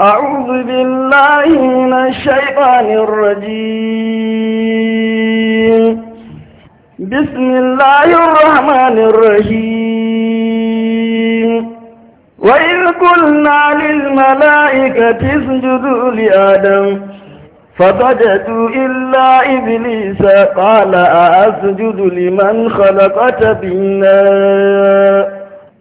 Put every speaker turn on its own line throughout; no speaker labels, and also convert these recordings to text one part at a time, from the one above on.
أعوذ بالله من الشيطان الرجيم بسم الله الرحمن الرحيم وإذ قلنا للملائكة اسجدوا لآدم فسجدوا إلا إبليس قال أأسجد لمن خلقت بالنار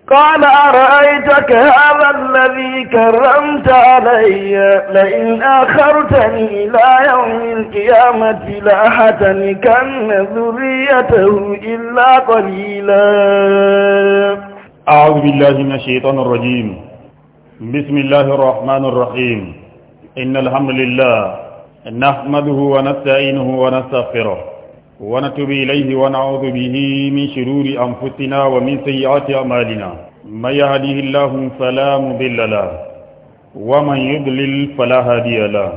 قال أرأيتك هذا الذي كرمت علي لئن أخرتني إلى يوم القيامة لأحتنكن ذريته إلا قليلا
أعوذ بالله من الشيطان الرجيم بسم الله الرحمن الرحيم إن الحمد لله نحمده ونستعينه ونستغفره ونتوب إليه ونعوذ به من شرور أنفسنا ومن سيئات أعمالنا من يهديه الله فلا مضل له ومن يضلل فلا هادي له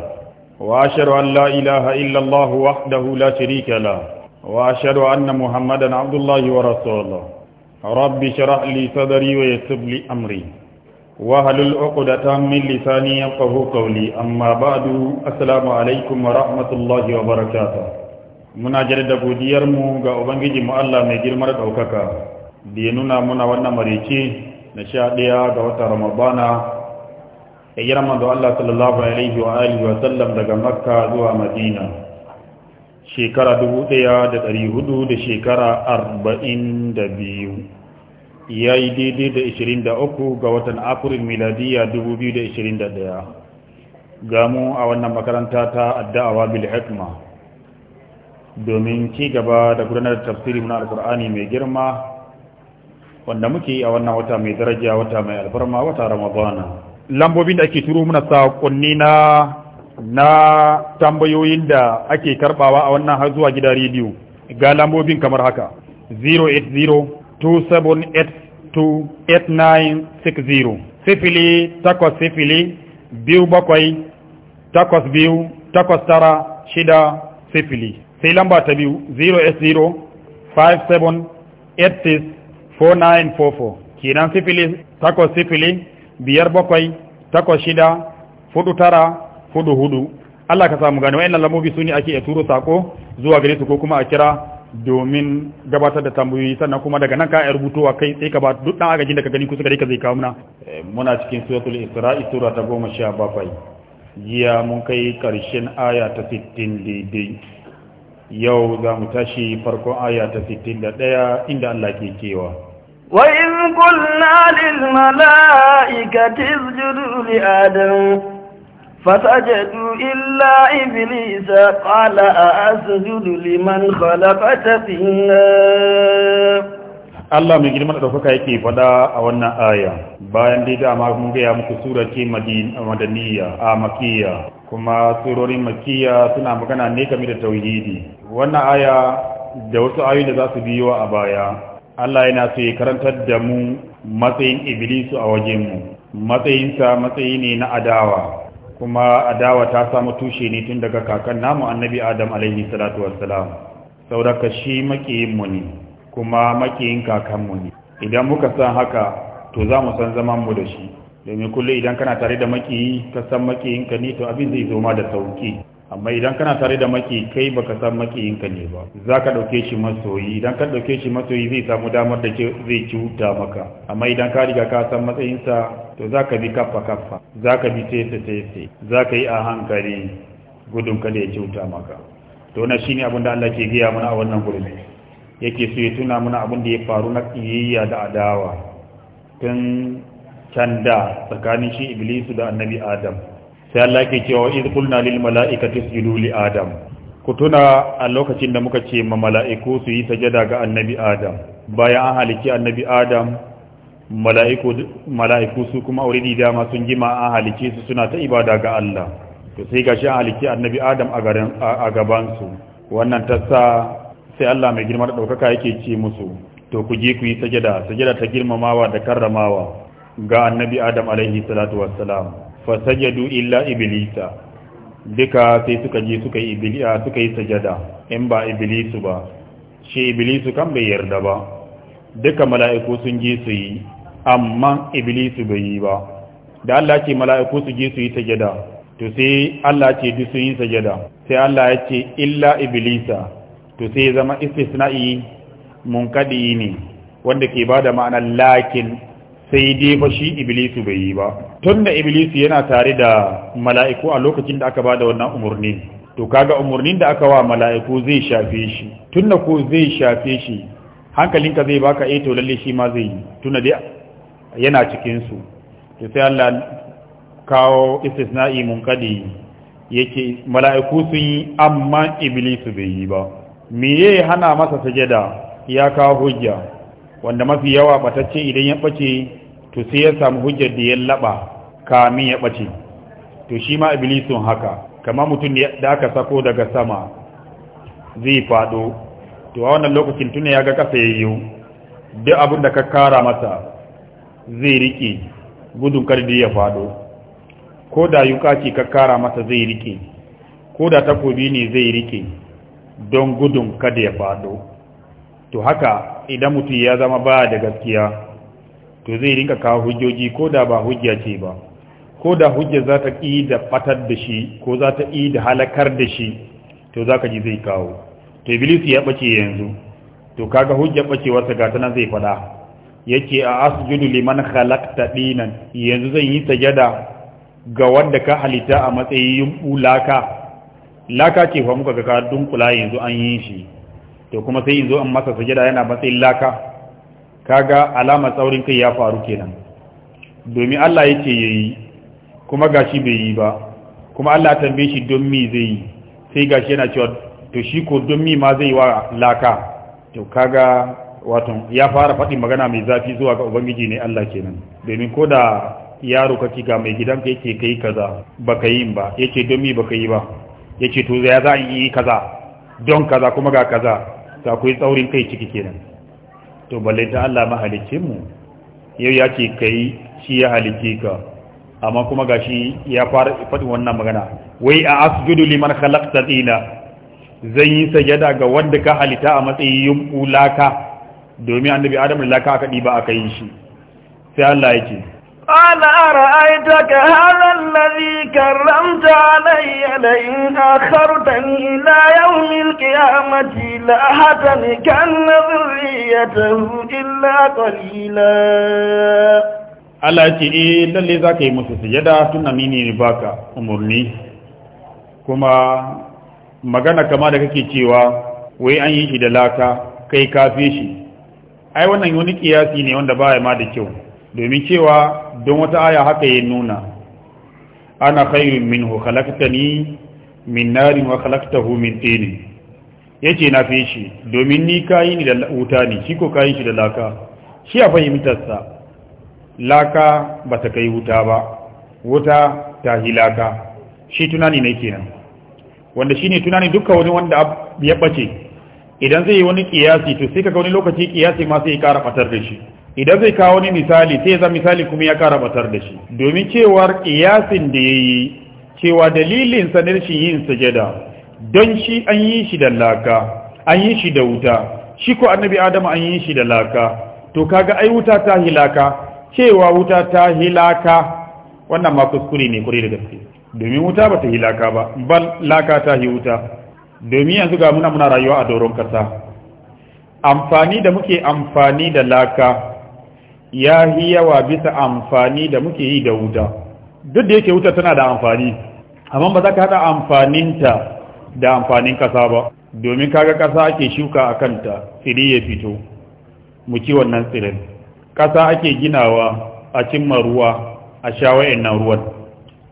وأشهد أن لا إله إلا الله وحده لا شريك له وأشهد أن محمدا عبد الله ورسوله رب اشرح لي صدري ويسر لي أمري وهل العقدة من لساني يفقه قولي أما بعد السلام عليكم ورحمة الله وبركاته muna da godiyarmu ga ubangiji mu Allah mai girmar ɗaukaka da ya nuna muna wannan marice na sha ɗaya ga wata ramadana ya yi ramadu Allah sallallahu alaihi wa alihi wa sallam daga makka zuwa madina shekara dubu ɗaya da ɗari hudu da shekara arba'in da biyu ya yi daidai da ishirin da uku ga watan afirin miladiya dubu biyu da ishirin da ɗaya gamu a wannan makaranta ta addu'awa bil hikma domin ci gaba da gudanar da tafsiri na alkur'ani mai girma wanda muke a wannan wata mai daraja wata mai alfarma wata ramadana lambobin da ake turo muna sakonni na na tambayoyin da ake karbawa a wannan har zuwa gida rediyo ga lambobin kamar haka 08027828960 sifili takwas sifili biyu bakwai takwas biyu takwas tara shida sifili sai lamba ta biyu 0s0 kenan sifili takwas sifili biyar bakwai takwas shida fudu tara fudu hudu Allah ka samu gani wa'annan lamobi su ne ake a turo sako zuwa gare su ko kuma a kira domin gabatar da tambayoyi sannan kuma daga nan ka yi rubutowa kai sai ka ba duk dan agajin da ka gani kusa gare ka zai kawo muna eh, muna cikin suratul isra'i sura ta goma sha bakwai jiya mun kai karshen aya ta sittin daidai yau za mu tashi farko aya ta 61 inda Allah ke cewa
wa in qulna lil malaikati isjudu li adam fasajadu illa iblisa qala asjudu liman khalaqata tinna Allah mai
girman yake faɗa a wannan aya bayan da, dama mun gaya muku sura ce madaniya a makiya kuma surorin makiya suna magana ne game da tauhidi wannan aya da wasu ayoyi da za su biyo a baya Allah yana so ya karantar da mu matsayin Iblisu a wajen mu matsayinsa matsayi ne na adawa kuma adawa ta samu tushe ne tun daga kakan namu annabi Adam alaihi salatu wassalam sauraka shi makiyin mu ne kuma makiyin kakan mu ne idan muka san haka to za mu san zaman mu da shi domin kullum idan kana tare da makiyi ka san makiyinka ne to abin zai zo ma da sauki amma idan kana tare da maki kai baka san makiyinka ne ba za ka ɗauke shi masoyi idan ka ɗauke shi masoyi zai samu damar da zai cuta maka amma idan ka riga ka san matsayinsa to za bi kaffa kaffa za ka bi tese tese za yi a hankali gudun kada ya cuta maka to na shine abin da Allah ke gaya mana a wannan gurbi yake so ya tuna mana abin da ya faru na kiyayya da adawa tun can tsakanin shi iblisu da annabi adam sai Allah ke cewa idh qulna lil mala'ikati isjudu li adam ku tuna a lokacin da muka ce ma mala'iku su yi sajada ga annabi adam bayan an halici annabi adam mala'iku mala'iku su kuma already dama sun jima an halice su suna ta ibada ga Allah to sai gashi an halici annabi adam a garin a gaban su wannan ta sa sai Allah mai girma da daukaka yake ce musu to ku je ku yi sajada sajada ta girmamawa da karramawa ga annabi adam alaihi salatu wassalam fasajadu illa iblisa duka sai suka je suka yi iblisa ah, suka yi sajada in ba iblisu ba shi iblisu kan bai yarda ba duka mala'iku sun je su yi amma iblisu bai yi ba da Allah ce mala'iku su je su yi sajada to sai Allah ce duk sun yi sajada sai Allah ya ce illa iblisa to sai zama istisna'i munkadi ne wanda ke bada ma'anar lakin sai dai fa shi iblisu bai yi ba Tun da iblisu yana tare da mala'iku a lokacin da aka ba da wannan umarni, to kaga umarnin da aka wa mala'iku zai shafe shi Tun da ko zai shafe shi hankalinka zai baka eh to lalle shi ma zai yi tun dai yana cikin su to sai Allah kawo istisna'i munkadi yake mala'iku sun yi amma iblisu bai yi ba me hana masa sajada ya kawo hujja wanda mafi yawa batacce idan ya ɓace to sai ya samu hujjar da ya laɓa kamin ya ɓace, to shi ma Ibilisun haka kama mutum da aka sako daga sama zai fado to a wannan lokacin tuna ya ga ƙasa kasa yiwu duk abin da ka kara masa zai rike gudun kardi ya fado ko da yuka ce ka kara masa zai rike ko da takobi ne zai rike don gudun kada ya fado to haka idan mutum ya zama ba da gaskiya to zai rinka kawo hujjoji ko da ba hujja ce ba ko da hujja za ta ƙi da fatar da shi ko za ta ƙi da halakar da shi to za ka ji zai kawo to iblis ya ɓace yanzu to kaga hujja ɓacewarsa ga ta nan zai faɗa yake a asjudu liman khalaqta dinan yanzu zan yi sajada ga wanda ka halitta a matsayin laka laka ce fa muka ga ka dunkula yanzu an yi shi to kuma sai in zo in masa sujada yana matsayin laka kaga alama tsaurin kai ya faru kenan domin Allah yake yayi kuma gashi bai yi ba kuma Allah tambaye shi don mi zai yi sai gashi yana cewa to shi ko don mi ma zai wa laka to kaga wato ya fara faɗi magana mai zafi zuwa ga ubangiji ne Allah kenan domin ko da yaro ka ga mai gidanka yake kai kaza baka yi ba yace don mi baka yi ba yace to ya za a yi kaza don kaza kuma ga kaza ta akwai tsaurin kai ciki kenan to balle ta Allah mahalicin mu yau ya ce kai shi ya halicce ka amma kuma gashi ya fara faɗin wannan magana wai a asjudu liman khalaqta tsina zan yi sajada ga wanda ka halita a matsayin laka domin annabi Adamu da laka aka diba aka yi shi sai Allah ya ce
قال أرأيتك هذا الذي كرمت علي لئن أخرتني إلى يوم القيامة أن ذريته إلا قليلا
Allah ce eh lalle za ka yi musu sujada tunda ni ne ka umarni kuma magana kama da kake cewa wai an yi shi da laka kai kafe shi ai wannan wani kiyasi ne wanda baya ma da kyau domin cewa don wata aya haka ya nuna ana khairun minhu ni min narin wa hu min Ya ce na fi shi domin ni kayi ni da wuta ne shi ko kayi shi da laka shi a fahimtar sa laka ba ta kai wuta ba wuta ta laka shi tunani ne kenan wanda shi ne tunani duka wani wanda ya bace idan zai yi wani kiyasi to sai kaga wani lokaci kiyasi ma sai ya kara fatar da shi idan zai kawo wani misali sai ya misali kuma ya kara batar da shi domin cewar kiyasin da ya yi cewa dalilin sanar shi yin sajada don shi an yi shi da laka an yi shi da wuta shi ko annabi adamu an yi shi da laka to kaga ai wuta ta hilaka cewa wuta ta hilaka wannan ma kuskure ne kure da gaske domin wuta ba ta hilaka ba bal laka ta hi wuta domin yanzu ga muna muna rayuwa a doron kasa amfani da muke amfani da laka ya yi yawa bisa amfani da muke yi da wuta duk da yake wuta tana da amfani amma ba za ka haɗa amfaninta da amfanin ƙasa ba domin kaga ƙasa ake shuka a kanta tsiri ya fito mu ci wannan tsirin ƙasa ake ginawa a cimma ruwa a sha wa'annan ruwan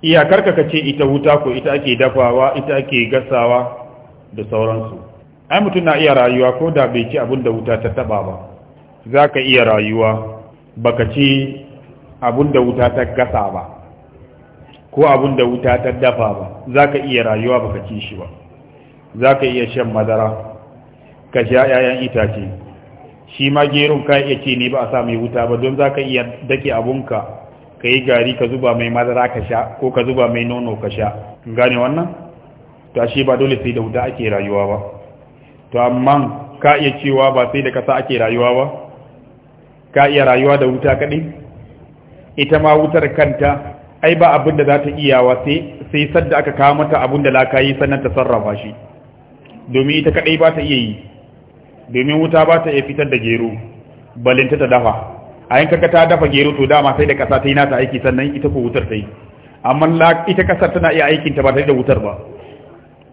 iyakar ka ce ita wuta ko ita ake dafawa ita ake gasawa da sauransu ai mutum na iya rayuwa ko da bai ci abin da wuta ta taba ba za ka iya rayuwa baka ci abun da wuta ta gasa ba ko abun da wuta ta dafa ba za ka iya rayuwa baka ci shi ba za ka iya shan madara ka sha 'ya'yan itace shi ma gerun ka iya ce ne ba a sa mai wuta ba don za ka iya dake abunka ka yi gari ka zuba mai madara ka sha ko ka zuba mai nono ka sha gane wannan To shi ba dole sai da wuta ake rayuwa ba to amma ka iya cewa ba sai da kasa ake rayuwa ba ka iya rayuwa da wuta kaɗai ita ma wutar kanta ai ba abin da za ta iyawa sai sadda aka kawo mata abin da laka yi sannan ta sarrafa shi domin ita kaɗai ba ta iya yi domin wuta ba ta iya fitar da gero balinta ta dafa a yin kaka ta dafa gero to dama sai da ƙasa ta yi nata aiki sannan ita ko wutar ta yi amma ita ƙasar tana iya aikinta ba yi da wutar ba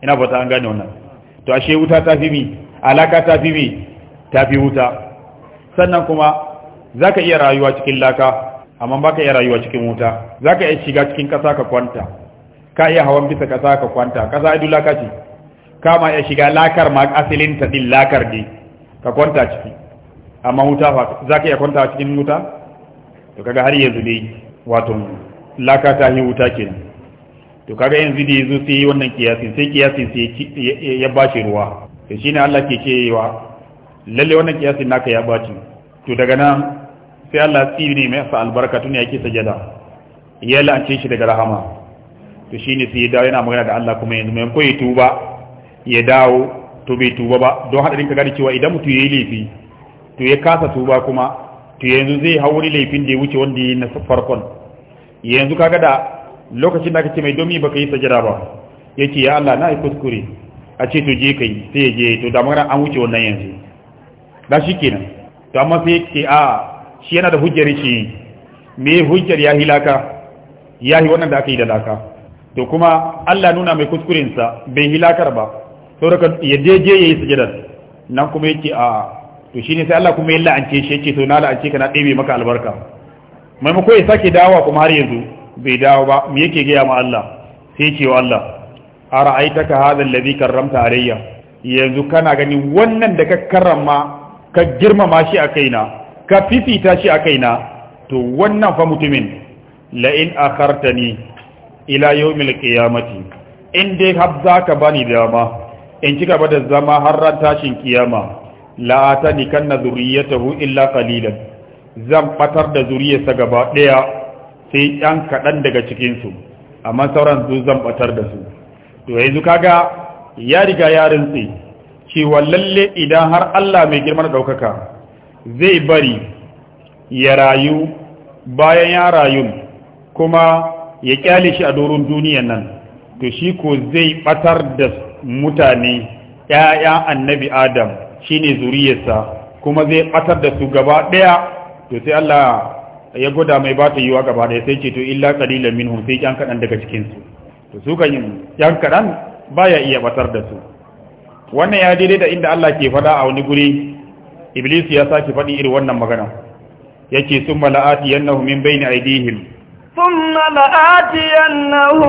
ina ta an gane wannan to ashe wuta ta fi mi alaka ta fi mi ta fi wuta sannan kuma za ka iya rayuwa cikin laka amma ba ka iya rayuwa cikin wuta za ka iya shiga cikin ƙasa ka kwanta ka iya hawan bisa ƙasa ka kwanta ƙasa idu laka ce ka ma iya shiga lakar ma asalin ta din lakar ne ka kwanta ciki amma wuta fa za ka iya kwanta cikin wuta to kaga har yanzu dai wato laka ta yi wuta kenan to kaga yanzu dai yanzu sai wannan kiyasin sai kiyasin sai ya bashi ruwa to shine Allah ke cewa lalle wannan kiyasin naka ya baci to daga nan sai Allah tsiri mai sa albarka tun yake sajada ya lance shi daga rahama to shine sai ya dawo yana magana da Allah kuma yanzu mai yi tuba ya dawo to bai tuba ba don hadarin ka gani cewa idan mutum yayi laifi to ya kasa tuba kuma to yanzu zai hauri laifin da ya wuce wanda ya na farkon yanzu kaga da lokacin da aka ce mai domi baka yi sajada ba yace ya Allah na yi kuskure a ce to je kai sai ya je to da magana an wuce wannan yanzu da shi kenan to amma sai ke a shi yana da hujjar shi me hujjar ya hilaka? ya yi wannan da aka yi da laka to kuma Allah nuna mai kuskurensa bai hilakar ba sauraka ya je je ya yi sujadar nan kuma yake a to shi ne sai Allah kuma ya la'ance shi yake to na la'ance ka na ɗebe maka albarka maimako ya sake dawa kuma har yanzu bai dawo ba me yake gaya ma Allah sai ce wa Allah a ra'aitaka hadha alladhi karramta alayya yanzu kana gani wannan da ka karrama ka girmama shi a kaina ka fifita shi a kaina to wannan fa mutumin la'in akhartani ila yawmil qiyamati in dai har ka bani dama in kika gaba da zama har ran tashin kiyama la atani kanna zurriyatahu illa qalilan zan batar da zuriyarsa gaba daya sai yan kadan daga cikin su amma sauran su zan batar da su to yanzu kaga ya riga ya sai cewa lalle idan har Allah mai girman daukaka zai bari ya rayu bayan ya rayu kuma ya kyale shi a doron duniyan nan to shi ko zai batar da mutane ‘ya'ya annabi adam shi ne zuriyarsa kuma zai batar da su gaba ɗaya to sai Allah ya gwada mai ba ta yiwa gaba ɗaya sai ce to illa qalilan minhum sai kyan kaɗan daga cikinsu to su kan kyan kaɗan baya iya batar da su wannan ya daidai da inda Allah ke faɗa a wani guri iblis ya sake faɗi irin wannan magana Ya yake summa la'ati yannahu min bayni aydihim
summa la'ati yannahu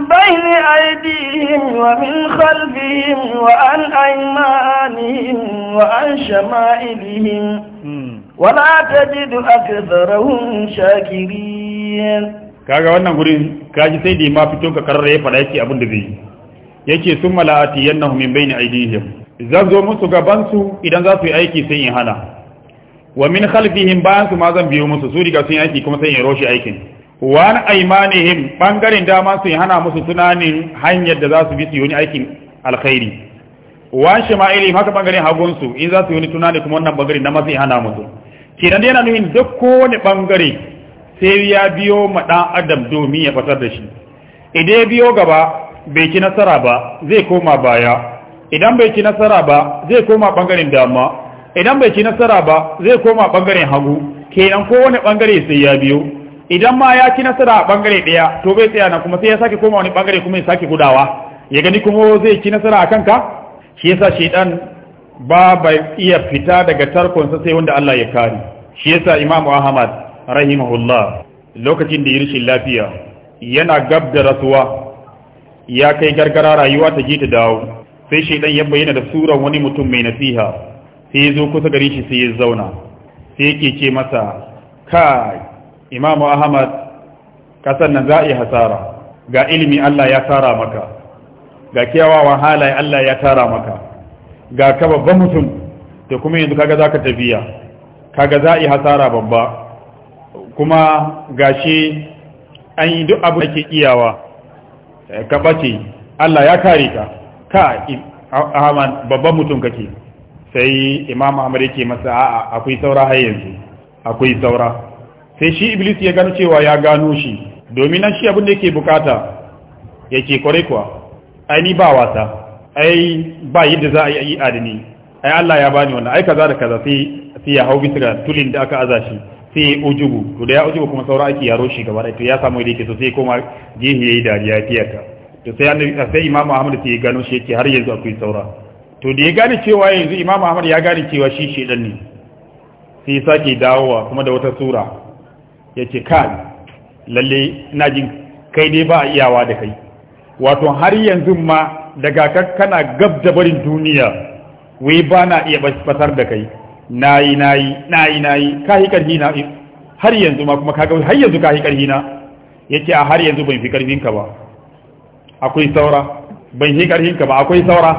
بين أيديهم ومن خلفهم وعن أيمانهم وعن شمائلهم ولا تجد أكثرهم شاكرين
kaga wannan gurin kaji sai da ma fito ka karare fada yake abin da zai ce sun mala'ati yannahu min bayni aydihim zan zo musu gabansu idan za su yi aiki sun yi hana wa min khalfihim bayan su ma zan biyo musu su riga sun yi aiki kuma sun yi roshi aikin wa an aymanihim bangaren dama sun hana musu tunanin hanyar da za su bi su yi aikin alkhairi wa shama'ilihim haka bangaren hagun su in za su yi tunani kuma wannan bangaren na masu hana musu kenan yana nuhin duk kowane bangare sai ya biyo ma dan adam domin ya fatar da shi idan ya biyo gaba bai ci nasara ba zai koma baya idan bai ci nasara ba zai koma bangaren dama idan bai ci nasara ba zai koma bangaren hagu kenan kowane bangare sai ya biyo idan ma ya ci nasara a bangare daya to bai tsaya na kuma sai ya sake koma wani bangare kuma ya sake gudawa ya gani kuma zai ci nasara a kanka shi yasa shedan ba bai iya fita daga tarkonsa sai wanda Allah ya kare shi yasa imamu ahmad rahimahullah lokacin da ya rashin lafiya yana gab da rasuwa ya kai gargara rayuwa ta je ta dawo sai shaidan ya bayyana da suran wani mutum mai nasiha sai ya zo kusa gare shi sai ya zauna sai yake ce masa kai imamu ahmad kasan nan za a yi hasara ga ilimi Allah ya tara maka ga kyawawan halaye Allah ya tara maka ga ka babban mutum da kuma yanzu kaga za tafiya kaga za a yi hasara babba kuma gashi an yi duk abu da ke iyawa ka bace Allah ya kare ka ka Ahmad babban mutum kake sai Imam Ahmad yake masa a'a akwai saura har yanzu akwai saura sai shi Iblis ya gano cewa ya gano shi domin nan shi abin da yake bukata yake kware kuwa ai ni ba wasa ai ba yadda za a yi adini ai Allah ya bani wannan ai kaza da kaza sai sai ya hau bisa tulin da aka aza shi sai ya ujubu to da ya ujubu kuma saura ake yaro shi gaba da to ya samu da yake so sai koma gehe yayi dariya tiyata to sai annabi sai imamu ahmad sai ya gano shi yake har yanzu akwai saura to da ya gane cewa yanzu imamu ahmad ya gane cewa shi shedan ne sai ya sake dawowa kuma da wata sura yace kan lalle ina jin kai dai ba iyawa da kai wato har yanzu ma daga kana gab da barin duniya wai ba na iya fasar da kai nayi nayi nayi nayi ka yi karhi na har yanzu ma kuma kaga har yanzu ka yi karhi na yace a har yanzu ban fi karfin ka ba akwai saura ban yi karfin ka ba akwai saura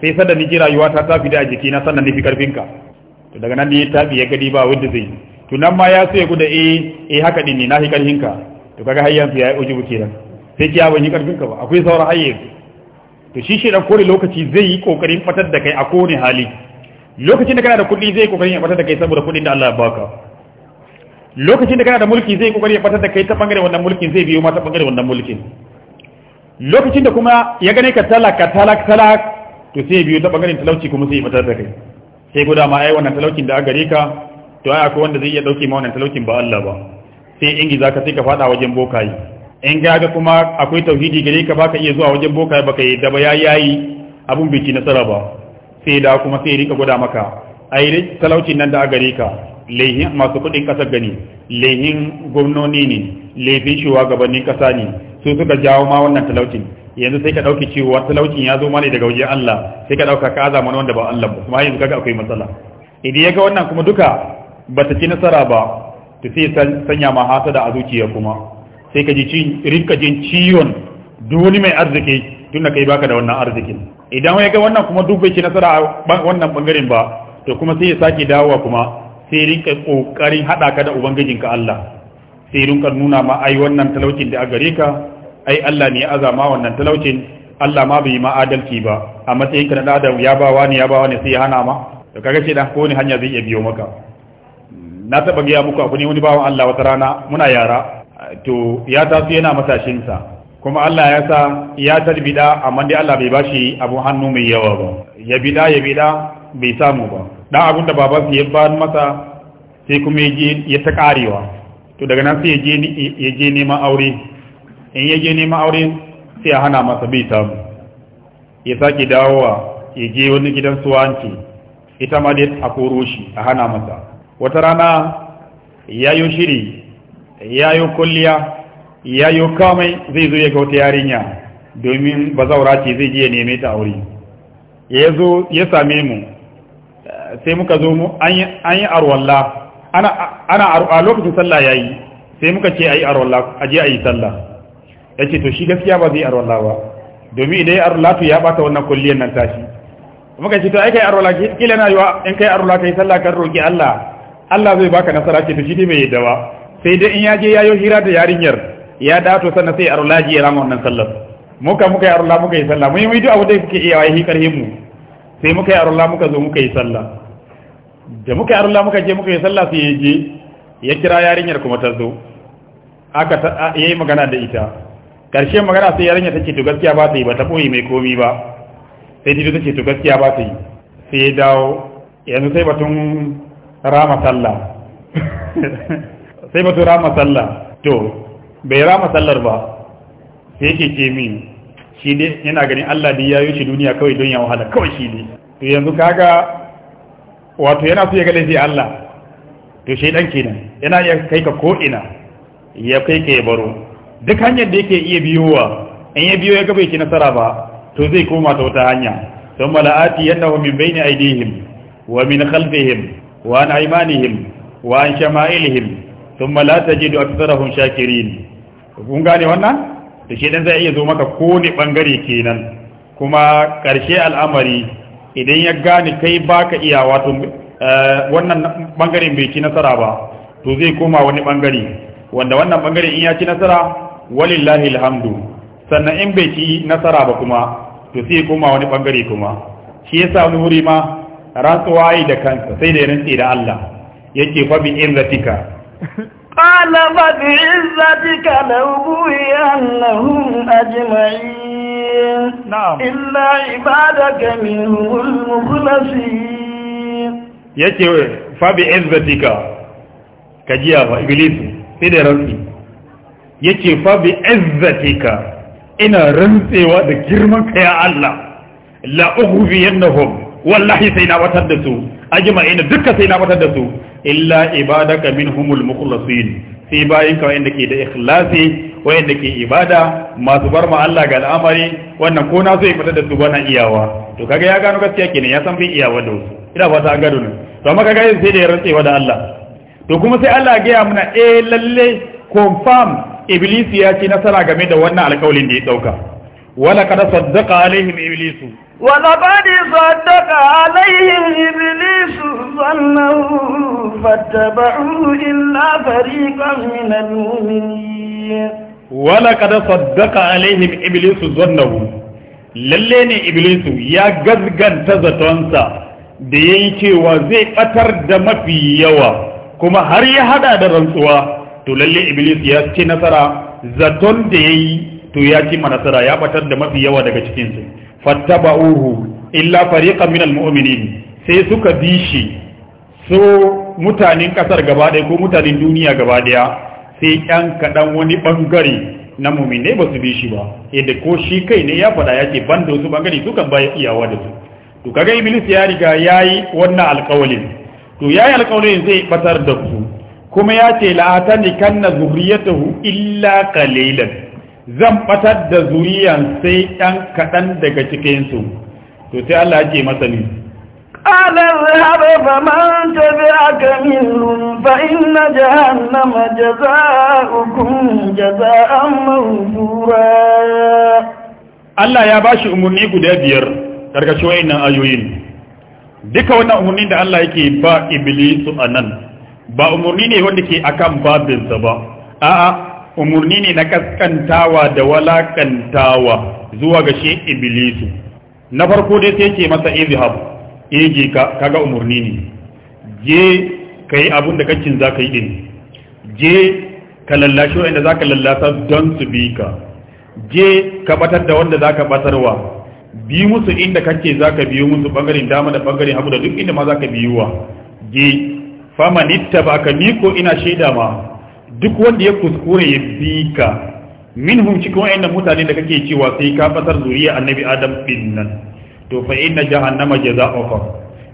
sai sanda ni ji yuwa ta tafi da jiki na sannan ni fi karfin ka to daga nan ne ya tafi ya gadi ba wanda zai to nan ma ya sai ya guda eh eh haka din ne na fi karfin ka to kaga hayyan yanzu yayi ujubu kenan sai kiya ban yi karfin ka ba akwai saura hayye to shi shedan kore lokaci zai yi kokarin fatar da kai a kowane hali lokacin da kana da kuɗi zai kokarin ya fatar da kai saboda kuɗin da Allah ya baka lokacin da kana da mulki zai kokarin ya fatar da kai ta bangare wannan mulkin zai biyo ma ta bangare wannan mulkin lokacin da kuma ya gane ka talak ka talak talak to sai biyu ta bangaren talauci kuma sai fitar da kai sai guda ma ai wannan talaucin da gare ka to ai akwai wanda zai iya dauke ma wannan talaucin ba Allah ba sai in giza ka sai ka fada wajen bokayi in ga ga kuma akwai tauhidi gare ka baka iya zuwa wajen bokayi ba yi da ba yayi yayi abun ci nasara ba sai da kuma sai rika guda maka ai talaucin nan da gare ka lehin masu kudin kasar gani lehin gwamnoni ne laifin shugabannin kasa ne su suka jawo ma wannan talaucin yanzu sai ka dauki cewa talaucin ya zo ma ne daga wajen Allah sai ka dauka ka azama wanda ba Allah ba kuma yanzu kaga akwai matsala idan ya ga wannan kuma duka ba ta ci nasara ba to sai sanya ma hasada a zuciya kuma sai ka ji rinka jin ciwon duni mai arziki tun da kai baka da wannan arzikin idan ya ga wannan kuma duk bai ci nasara a wannan bangaren ba to kuma sai ya sake dawowa kuma sai rinka kokarin hada ka da ubangijinka Allah sai rinka nuna ma ai wannan talaucin da a gare ka ai Allah ne ya azama wannan talaucin Allah ma bai ma adalci ba a matsayin ka na adam ya bawa ne ya bawa ne sai ya hana ma to kaga shi dan ko ne hanya zai iya biyo maka na taba ga muku abu ne wani bawan Allah wata rana muna yara to ya tafi yana matashin sa kuma Allah ya sa ya tarbida amma dai Allah bai bashi abu hannu mai yawa ba ya bida ya bida bai samu ba dan abun da sa ya ba masa sai kuma ya ta karewa to daga nan sai ya je neman aure in ya je neman aure sai a hana masa bai samu ya sake dawowa ya je wani gidan suwanci ita ma dai a koro shi a hana masa wata rana ya yi shiri ya yi kulliya ya yi kamai zai zo ya ga wata yarinya domin ba zaura ce zai je ya neme ta aure ya zo ya same mu sai muka zo mu an yi arwalla ana a lokacin sallah ya yi sai muka ce a yi arwalla a je a yi sallah ya ce to shi gaskiya ba zai arwala ba domin idan ya arwala to ya bata wannan kulliyar nan tashi muka ce to ai kai arwala kila na yiwa in kai arwala kai sallah kan roki Allah Allah zai baka nasara ce to shi dai mai yadda ba sai dai in ya je yayo hira da yarinyar ya dato sannan sai arwala ji ya rama wannan sallar muka muka yi arwala muka yi sallah mun yi mu duk abu da kuke iya yi karhe mu sai muka yi arwala muka zo muka yi sallah da muka yi arwala muka je muka yi sallah sai ya je ya kira yarinyar kuma ta zo aka ya yayi magana da ita karshe magana sai yarinya tace to gaskiya ba ta yi ba ta koyi mai komi ba sai ta tace to gaskiya ba ta yi sai ya dawo yanzu sai batun rama sallah sai batun rama sallah to bai rama sallar ba sai yake ce min shi ne yana ganin Allah da ya yi shi duniya kawai don ya wahala kawai shi ne to yanzu kaga wato yana so ya ga laifi Allah to shaidan kenan yana iya kai ka ko ina ya kai ka ya baro duk hanyar da yake iya biyowa in ya biyo ya ga bai ci nasara ba to zai koma ta wata hanya don mala'ati yannahu min baini aidihim wa min khalfihim wa an aymanihim wa an shama'ilihim thumma la tajidu aktharahum shakirin kun gane wannan da shi dan zai iya zo maka kowane bangare kenan kuma karshe al'amari idan ya gane kai baka iya wato eh, wannan bangaren bai ci nasara ba to zai koma wani bangare wanda wannan bangaren in ya ci nasara walillahi alhamdu sannan in bai ci nasara ba kuma to sai kuma wani bangare kuma shi yasa wani wuri ma rantsuwa yi da kansa sai da rantsi da Allah yake fa bi izzatika
qala fa bi izzatika law bu'annahum ajma'in na'am illa ibadaka minhumul mukhlasin
yake fa bi izzatika kajiya ba iblis sai da rantsi yace fa bi izzatika ina rantsewa da girman kai ya Allah la ughwiyannahum wallahi sai na watar da su ajma'ina dukka sai na watar da su illa ibadaka minhumul mukhlasin sai bayin ka wanda ke da ikhlasi wanda ke ibada masu bar ma Allah ga al'amari wannan ko na so ya fita da su bana iyawa to kaga ya gano gaskiya kenan ya san bai iyawa da wasu ina fata an gado ne to amma kaga sai da ya rantsewa da Allah to kuma sai Allah ya gaya muna eh lalle confirm iblis ya ci nasara game da wannan alkawalin da ya dauka wala kada saddaka alaihim iblisu wala qad saddaka
alaihim iblisu zannahu fattaba'u illa fariqan min almu'minin
wala kada saddaka alaihim iblisu zannahu lalle ne iblisu ya gazganta zatonsa da yayi cewa zai ɓatar da mafi yawa kuma har ya hada da rantsuwa to lalle iblis ya ci nasara zaton da yayi to ya ci nasara ya batar da mafi yawa daga cikin su fattaba'uhu illa fariqan min almu'minin sai suka bi shi so mutanen kasar gaba ko mutanen duniya gaba ɗaya sai ƴan kaɗan wani bangare na muminai ba su bi shi ba yadda ko shi kai ne ya fada ya ce ban da wasu ɓangare sukan baya iyawa da su to kaga iblis ya riga yayi wannan alƙawalin to ya yi zai batar da ku kuma ya ce la'atani kanna zuriyatahu illa qalilan zan batar da zuriyan sai dan kaɗan daga cikin su to sai Allah ya ce masa ni
qala faman tabi'aka minhum fa inna jahannama jazaa'ukum jazaa'an
Allah ya bashi umurni guda biyar karkashin wayannan ayoyin duka wannan umurnin da Allah yake ba iblisu nan. ba umarni ne wanda ke akan babinsa ba a'a umarni ne na kaskantawa da walakantawa zuwa ga shi iblisu na farko dai sai ce masa izhab eje ka kaga umarni ne je kai abin da kancin zaka yi din je ka lallashi wanda zaka lallasa don su bi ka je ka batar da wanda zaka batarwa bi musu inda kace zaka biyo musu bangaren dama da bangaren hagu da duk inda ma zaka biyuwa je famanitta ba ka miko ina shaida ma duk wanda ya kuskure ya bi ka ci cikin wayannan mutane da kake cewa sai ka fasar zuriya annabi adam din nan to fa inna jahannama jazaa'uka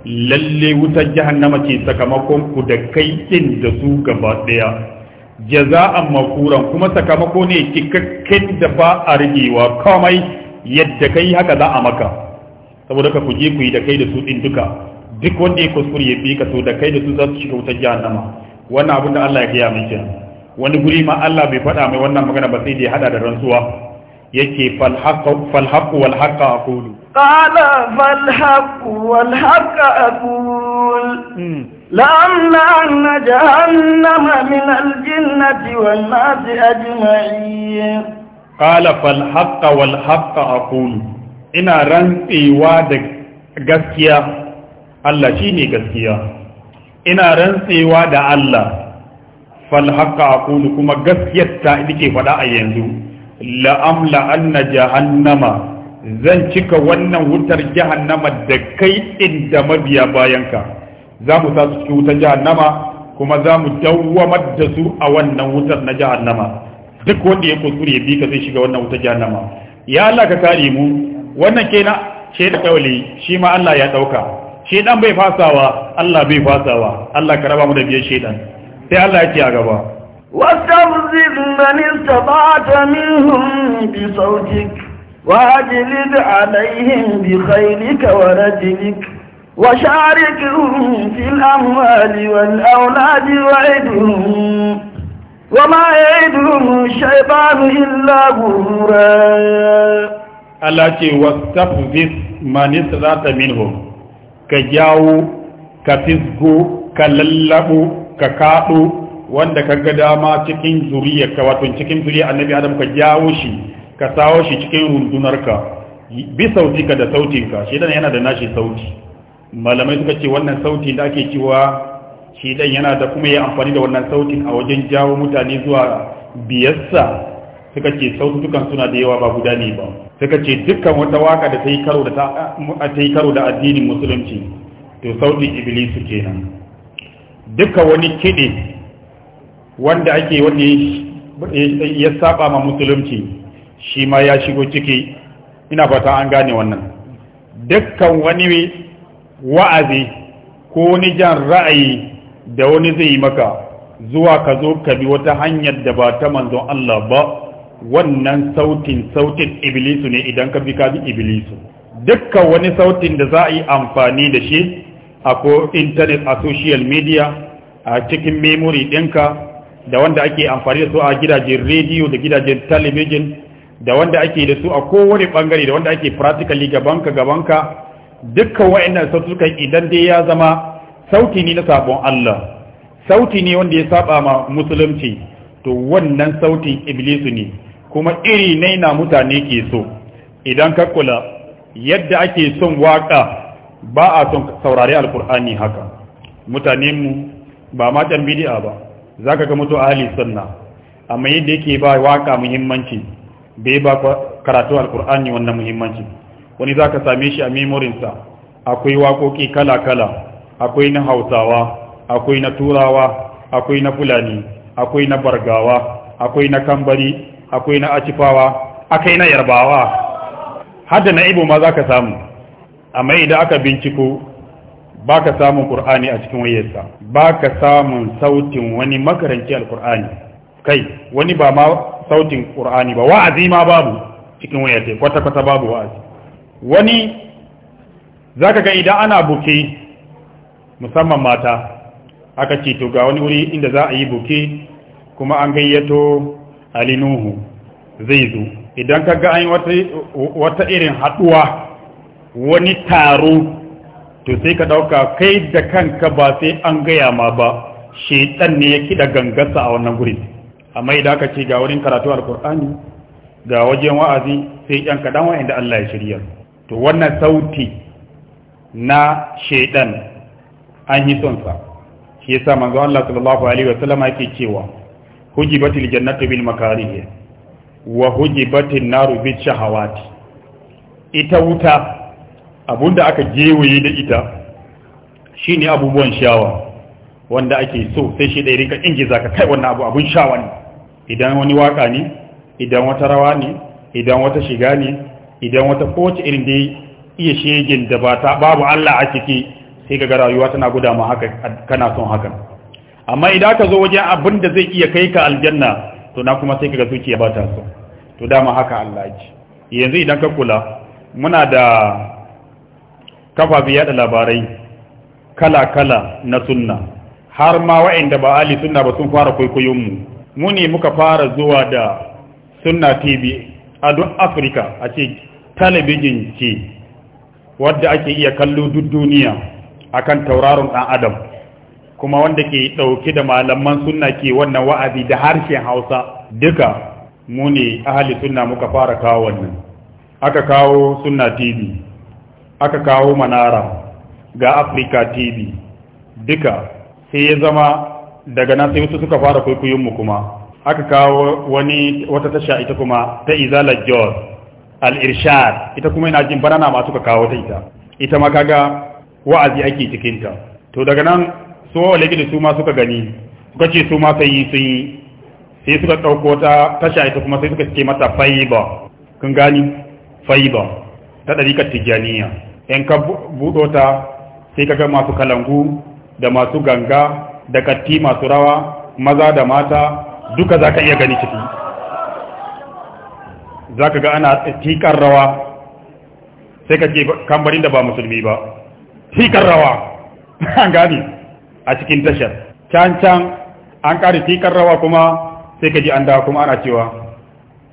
lalle wutar jahannama ce sakamakon ku da kai din da su gaba daya jaza'an makuran kuma sakamako ne cikakken da ba a rigewa kamai yadda kai haka za a maka saboda ka kuje ku yi da kai da su din duka duk wanda ya kuskure ya bi ka to da kai da su za su shiga wutar jahannama wannan abin da Allah ya gaya mai kenan wani guri ma Allah bai faɗa mai wannan magana ba sai da ya hada da rantsuwa yake fal haqq wal haqq aqulu
qala fal haqq wal haqq aqul لأملأن جهنم من الجنة والناس أجمعين
قال فالحق والحق أقول إن رنقي da gaskiya Allah shi ne gaskiya ina rantsewa da Allah fal a aqulu kuma gaskiyar ta nike faɗa a yanzu la amla anna jahannama zan cika wannan wutar jahannama da kai inda mabiya bayanka za mu sa su wutar jahannama kuma za mu dawwamar da su a wannan wutar na jahannama duk wanda ya kuskure ya bi ka zai shiga wannan wutar jahannama ya Allah ka kare mu wannan kenan ce da kawali shi ma Allah ya dauka shedan bai fasawa Allah bai fasawa Allah ka raba mu da biye shedan sai Allah yake a gaba
wastamzil man istata minhum bi sawtik wajlid alaihim bi khaylika wa rajlik wa sharikhum fil amwali wal awladi wa idhum wa ma yadhum shaytanu illa ghurra
Allah ce wastafiz manis zata minhum ka jawo ka fisgo ka lallabo ka kaɗo wanda ka ga dama cikin ka wato cikin zuriya annabi adam ka jawo shi ka sawo shi cikin rundunarka bi sauti ka da sautinka shi dan yana da nashi sauti malamai suka ce wannan sauti da ake cewa shi dan yana da kuma ya amfani da wannan sautin a wajen jawo mutane zuwa biyarsa suka ce sautukan suna da yawa ba guda ne ba suka ce dukkan wata waka da ta yi karo da addinin musulunci to sautin iblisu kenan duka wani kiɗe wanda ake wanda ya saba ma musulunci shi ma ya shigo ciki ina fata an gane wannan dukkan wani wa'azi ko wani jan ra'ayi da wani zai maka zuwa ka zo ka bi wata hanyar da ba ta manzon Allah ba wannan sautin sautin iblisu ne idan ka bi ka bi iblisu dukkan wani sautin da za a yi amfani da shi a ko internet a social media a cikin memory ɗinka da wanda ake amfani da su a gidajen rediyo da gidajen talabijin da wanda ake da su a kowane bangare da wanda ake practically gabanka gabanka dukkan wa'annan sautukan idan dai ya zama sauti ne na sabon Allah sauti ne wanda ya saba ma musulunci to wannan sautin iblisu ne kuma iri ne na mutane ke so idan ka kula yadda ake son waka ba a son saurari alkur'ani haka mutane mu ba matan bidi'a ba zaka ga mutu ahli sunna amma yadda yake ba waka muhimmanci bai ba karatu alkur'ani wannan muhimmanci wani zaka same shi a memorinsa akwai wakoki kala-kala akwai na hausawa akwai na turawa akwai na fulani akwai na bargawa akwai na kambari akwai na acifawa akai na yarbawa hadda na ibo ma za ka samu amma idan aka binciko ba ka samun ƙur'ani a cikin wayarsa ba ka samun sautin wani makaranci alƙur'ani kai wani ba ma sautin ƙur'ani ba wa'azi ma babu cikin wayarsa kwata-kwata babu wa'azi wani za ka ga idan ana buke musamman mata aka ce to ga wani wuri inda za a yi buke kuma an gayyato ali nuhu zai zo idan ka ga an wata irin haɗuwa wani taro to sai ka ɗauka kai da kanka ba sai an gaya ma ba shaitan ne ya kiɗa gangasa a wannan guri amma idan ka ce ga wurin karatu alkur'ani ga wajen wa'azi sai yan kaɗan wa'inda Allah ya shirya to wannan sauti na shaitan an yi sa shi yasa manzo Allah sallallahu alaihi wasallam yake cewa hujibatil jannatu bil makarih wa hujibatin naru bil shahawati ita wuta abunda aka jewaye da ita shine abubuwan shawa wanda ake so sai shi dai rika ingiza ka kai wannan abu abun shawa ne idan wani waka ne idan wata rawa ne idan wata shiga ne idan wata kowace irin da iya shegin da ba ta babu Allah a ciki sai ga rayuwa tana guda ma haka kana son hakan amma idan ka zo wajen abin da zai iya kai ka aljanna to na kuma sai kaga zuciya ba ta so to dama haka Allah ji yanzu idan ka kula muna da biya yada labarai kala-kala na sunna har ma wa'anda ba ali sunna ba sun fara kwaikwayon mu mu ne muka fara zuwa da sunna tv a duk afirka a ce talabijin ce wadda ake iya kallo duk duniya akan tauraron dan adam kuma wanda ke ɗauke da malaman sunna ke wannan wa'azi da harshen hausa duka mu ne ahali sunna muka fara kawo wannan aka kawo sunna tv aka kawo manara ga Afirka tv duka sai ya zama daga nan sai wasu suka fara kwaikwayon mu kuma aka kawo wani wata tasha ita kuma ta izala jos al-irshad ita kuma yana jin banana masu ka kawo ta ita ita ma kaga wa'azi ake cikinta to daga nan su wa walaki su ma suka gani suka ce su ma sai yi sun yi sai suka ɗauko ta tasha ita kuma sai suka ce mata faiba kun gani faiba ta ka tijjaniya yan ka buɗo ta sai ga masu kalangu da masu ganga da katti masu rawa maza da mata duka za ka iya gani ciki za ka ga ana tikar rawa sai ka ce kambarin da ba musulmi ba tikar rawa an gani a cikin tashar can can an ƙari tikar rawa kuma sai ka ji an dawo kuma ana cewa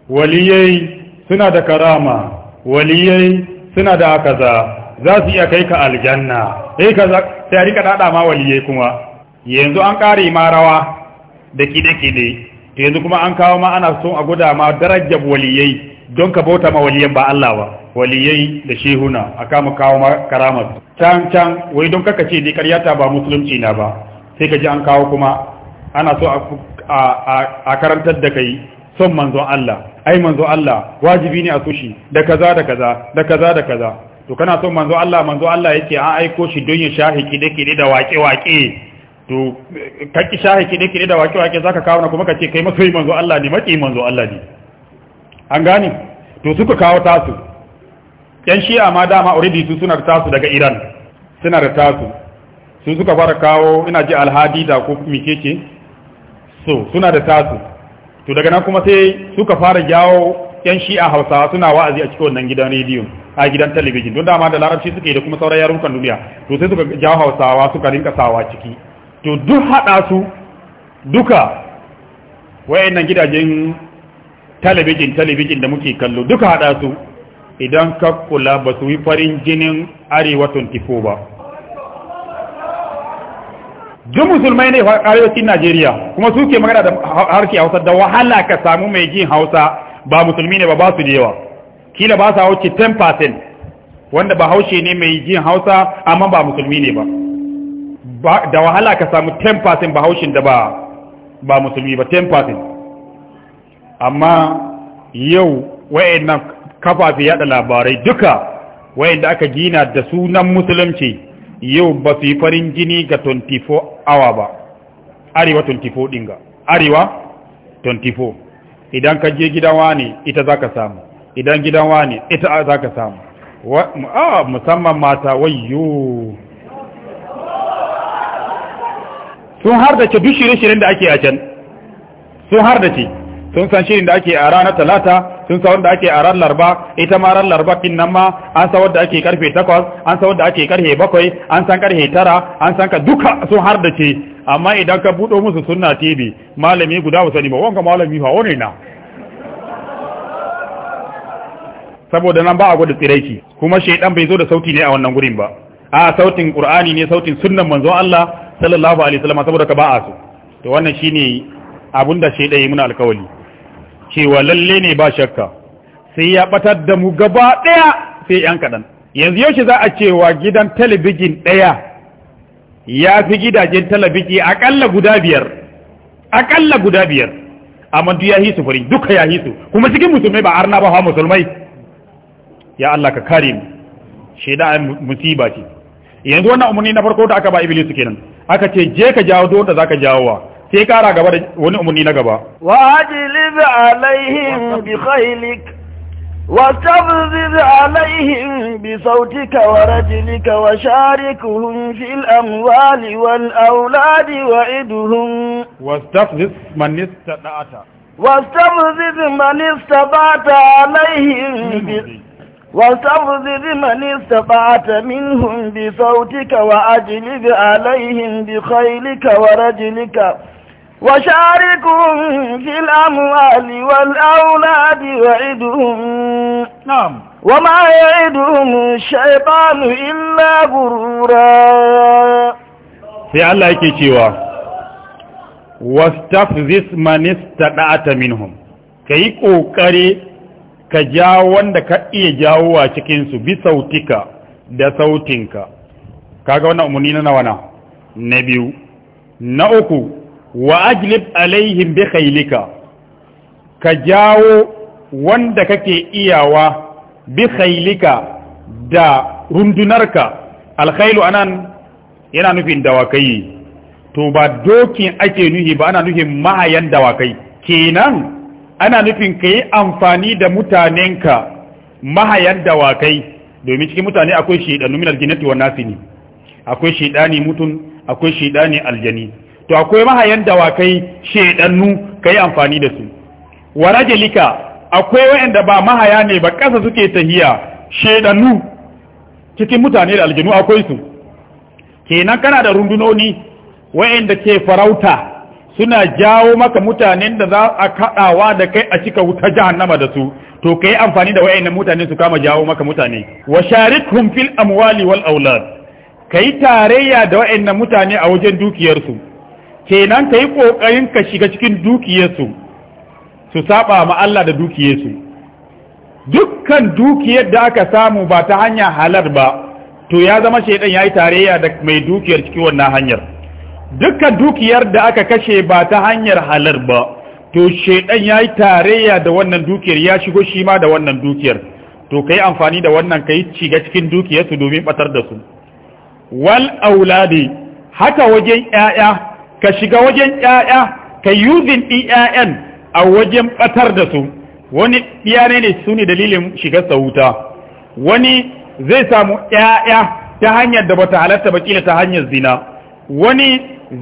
waliyai suna da karama waliyai suna da kaza za su iya kai ka aljanna eh, sai ka sai ka ma waliyai kuma yanzu an ƙari ma rawa da kide-kide yanzu kuma an kawo ma ana son a guda ma darajar waliyai don ka bauta ma waliyan ba Allah ba waliyai da shehuna a kama kawo ma karamar can can wai don kaka ce dai karyata ba musulunci na ba sai ka ji an kawo kuma ana so a karantar da kai son manzon Allah ai manzon Allah wajibi ne a sushi da kaza da kaza da kaza da kaza to kana son manzon Allah manzon Allah yake an aiko shi don ya shahi kide kide da waƙe waƙe to kaki shahi kide kide da wake wake zaka kawo na kuma kace kai masoyi manzo Allah ne maki manzo Allah ne an gane to suka kawo tasu yan shi'a ma dama already su suna da tasu daga iran suna da tasu su suka fara kawo ina ji alhadi da ko mikeke so suna da tasu to daga nan kuma sai suka fara jawo yan shi'a hausawa suna wa'azi a cikin wannan gidan rediyo a gidan talabijin don dama da larabci suke da kuma sauran yarukan duniya to sai suka jawo hausawa suka rinka sawa ciki to duk haɗa su duka wayannan gidajen talabijin talabijin da muke kallo duka haɗa su idan ka kula ba su yi farin jinin arewa 24 ba duk musulmai ne a arewacin najeriya kuma su ke magana da harshe hausa da wahala ka samu mai jin hausa ba musulmi ne ba ba su da yawa kila ba sa wuce 10% wanda ba haushe ne mai jin hausa amma ba musulmi ne ba da wahala ka samu 10% ba haushin da ba ba musulmi ba 10% amma yau nan. kafafi yada labarai duka wayanda aka gina da sunan musulunci yau ba su yi farin jini ga 24 hour ba arewa 24 dinga arewa 24 idan ka je gidan wani ita za ka samu idan gidan wani ita za ka samu a musamman mata wayyo sun har da ce duk shirye-shiryen da ake a can sun har da ce sun san shirin da ake a ranar talata sun san wanda ake a ranar larba ita ma ran larba kin nan ma an san wanda ake karfe takwas an san wanda ake karfe bakwai an san karfe tara an san ka duka sun har da ce amma idan ka buɗo musu sunna tv malami guda ba sani ba wanka malami fa wani na saboda nan ba a gwada tsiraici kuma shaidan bai zo da sauti ne a wannan gurin ba a sautin qur'ani ne sautin sunnan manzon Allah sallallahu alaihi wasallam saboda ka ba a su to wannan shine abunda shaidan yi muna alkawali cewa lalle ne ba shakka sai ya batar da mu gaba ɗaya sai yan kaɗan yanzu yaushe za a cewa gidan talabijin ɗaya ya fi gidajen talabijin aƙalla guda biyar aƙalla guda biyar amma duk ya hisu fari duka ya hisu kuma cikin musulmai ba arna ba musulmai ya Allah ka kare mu shaida musiba ce yanzu wannan umarni na farko da aka ba iblis kenan aka ce je ka jawo don da zaka jawo wa sai kara gaba da wani umarni na gaba
wa ajlib alaihim bi khailik wa tabzid alaihim bi sautika wa rajlika wa sharikuhum fil amwali wal auladi wa idhum
wastafzid man istata'ata
wastafzid man istata'ata alaihim bi واستفزز من استطعت منهم بصوتك وأجلب عليهم بخيلك ورجلك وشاركهم في الأموال والأولاد وعدهم نعم وما يعدهم الشيطان إلا غرورا
في الله كيشيوا واستفزز من استدعت منهم كي قوكري كجاوان ja إي ka شكينسو بصوتك cikinsu bi sautika da sautinka kaga na uku wa ajlib alaihim bi khaylika ka jawo wanda kake iyawa bi khaylika da rundunarka alkhailu anan yana nufin dawakai to ba dokin ake nuhi ba ana nufin mahayan dawakai kenan ana nufin ka amfani da mutanenka mahayan dawakai domin cikin mutane akwai shidanu min aljannati wan nasi ne akwai shidani mutun akwai shidani aljani to akwai mahayan dawakai shedannu ka yi amfani da su wa rajulika akwai wa'anda ba mahaya ne ba ƙasa suke tahiya shedannu cikin mutane da aljinu akwai su kenan kana da rundunoni wa'anda ke farauta suna jawo maka mutanen da za a kaɗawa da kai a cika wuta jahannama da su to ka yi amfani da wa'annan mutane su kama jawo maka mutane wa sharikhum fil amwali wal aulad kai tarayya da wa'annan mutane a wajen dukiyarsu kenan ka yi ƙoƙarin ka shiga cikin dukiyarsu su saba ma Allah da dukiyarsu dukkan dukiyar da aka samu ba ta hanya halar ba to ya zama shaidan ya yi tarayya da mai dukiyar cikin wannan hanyar dukkan dukiyar da aka kashe ba ta hanyar halar ba to shaidan ya yi tarayya da wannan dukiyar ya shigo shi ma da wannan dukiyar to ka amfani da wannan ka yi shiga cikin dukiyarsu domin batar da su wal auladi haka wajen 'ya'ya ka shiga wajen ƴaƴa ka yuzin ɗin ƴaƴan a wajen ɓatar da su wani ɗiyane ne su ne dalilin shigar sa wuta wani zai samu ƴaƴa ta hanyar da bata halatta ba kila ta hanyar zina wani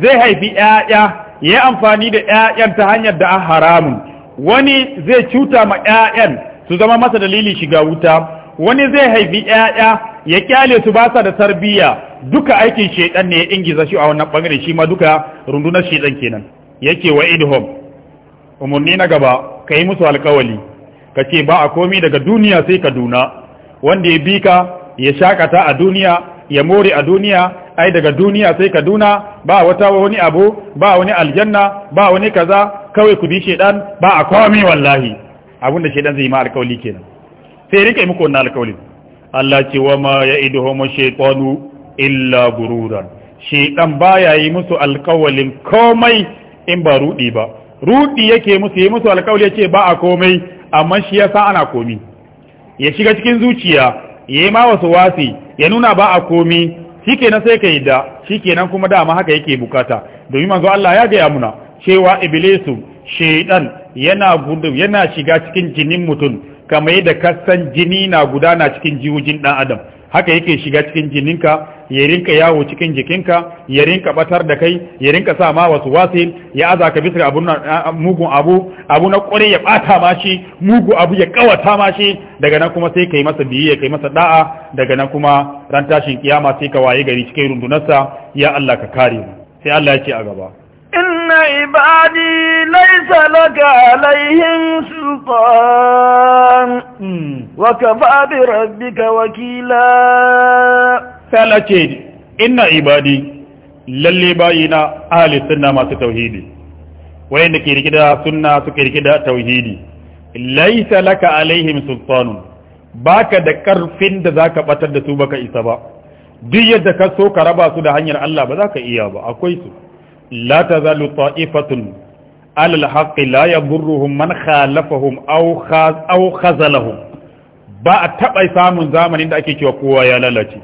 zai haifi ƴaƴa ya yi amfani da ƴaƴan ta hanyar da an haramun wani zai cuta ma ƴaƴan su zama masa dalilin shiga wuta wani zai haifi ƴaƴa ya kyale su ba sa da tarbiyya duka aikin shedan ne ya ingiza shi a wannan bangare shi ma duka rundunar shedan kenan yake wa idhom umurni na gaba ka yi musu alkawali ka ce ba a komi daga duniya sai kaduna wanda ya bi ka ya shakata a duniya ya more a duniya ai daga duniya sai ka duna ba wata wani abu ba wani aljanna ba wani kaza kawai ku bi shedan ba a komi wallahi abinda shedan zai yi ma alkawali kenan sai rike muku wannan alkawalin Allah ce wa ma ya homo shekwanu illa gururan ba ya yi musu alƙawalin komai in ba rudi ba rudi yake musu yi musu ya ce ba a komai amma shi sa ana komi ya shiga cikin zuciya ya yi ma wasu wasi ya nuna ba a komi shi kenan sai ka yi da shi nan kuma dama haka yake bukata domin manzo Allah ya gaya muna cewa iblisu shaiɗan yana gudu yana shiga cikin jinin mutum kamar yadda kasan jini na gudana cikin jiwujin dan adam haka yake shiga cikin jininka ya rinka yawo cikin jikinka ya rinka batar da kai ya rinka sa ma wasu wasil ya aza ka bisa abu na mugun abu abu na kore ya bata ma shi mugu abu ya kawata ma shi daga nan kuma sai kai masa biyayya kai masa da'a daga nan kuma ran tashin kiyama sai ka waye gari cikin rundunarsa ya Allah ka kare mu sai Allah ya ce a gaba
inna ibadi laisa laka alaihim sultan wa kafa bi rabbika wakila sala ce
inna ibadi lalle bayina ahli sunna masu tauhidi wai da ke rikida sunna su ke alaihim sultan baka da karfin da zaka batar da su baka isa ba duk yadda ka so ka raba su da hanyar Allah ba za ka iya ba akwai su لا تزال طائفة على الحق لا يضرهم من خالفهم أو خاز أو خزلهم ba a taba samun zamanin da ake cewa kowa ya lalace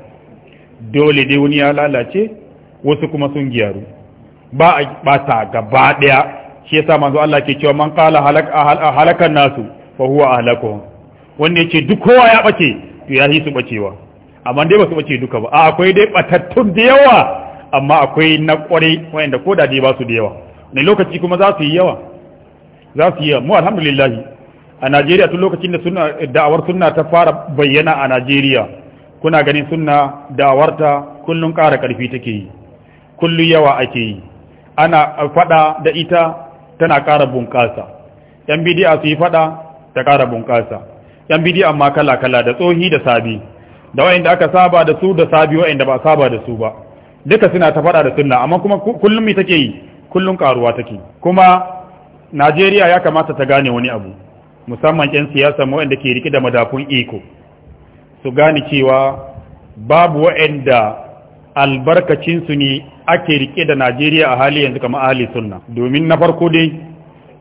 dole dai wani ya lalace wasu kuma sun gyaru ba a bata gaba daya shi yasa manzo أهل ke cewa man أهلكهم halaka halakan nasu yace duk kowa ya bace to ya hisu bacewa amma dai ba su bace duka ba akwai dai batattun da yawa amma akwai na kwarai wanda ko da ba su da yawa ne lokaci kuma za su yi yawa za su yi yawa mu alhamdulillah a Najeriya tun lokacin da sunna da'awar sunna ta fara bayyana a Najeriya kuna ganin sunna da'awarta kullun ƙara ƙarfi take yi kullu yawa ake yi ana fada da ita tana ƙara bunƙasa yan bidi'a su yi fada ta ƙara bunƙasa yan bidi'a ma kala kala da tsohi da sabi da wayanda aka saba da su da sabi wayanda ba saba da su ba duka suna ta fada da sunna amma kuma kullum me take yi kullum karuwa take kuma Najeriya ya kamata ta gane wani abu musamman yan siyasa mu wanda ke rike da madafun iko su gane cewa babu wa'anda albarkacin su ne ake rike da Najeriya a hali yanzu kamar ahli sunna domin na farko dai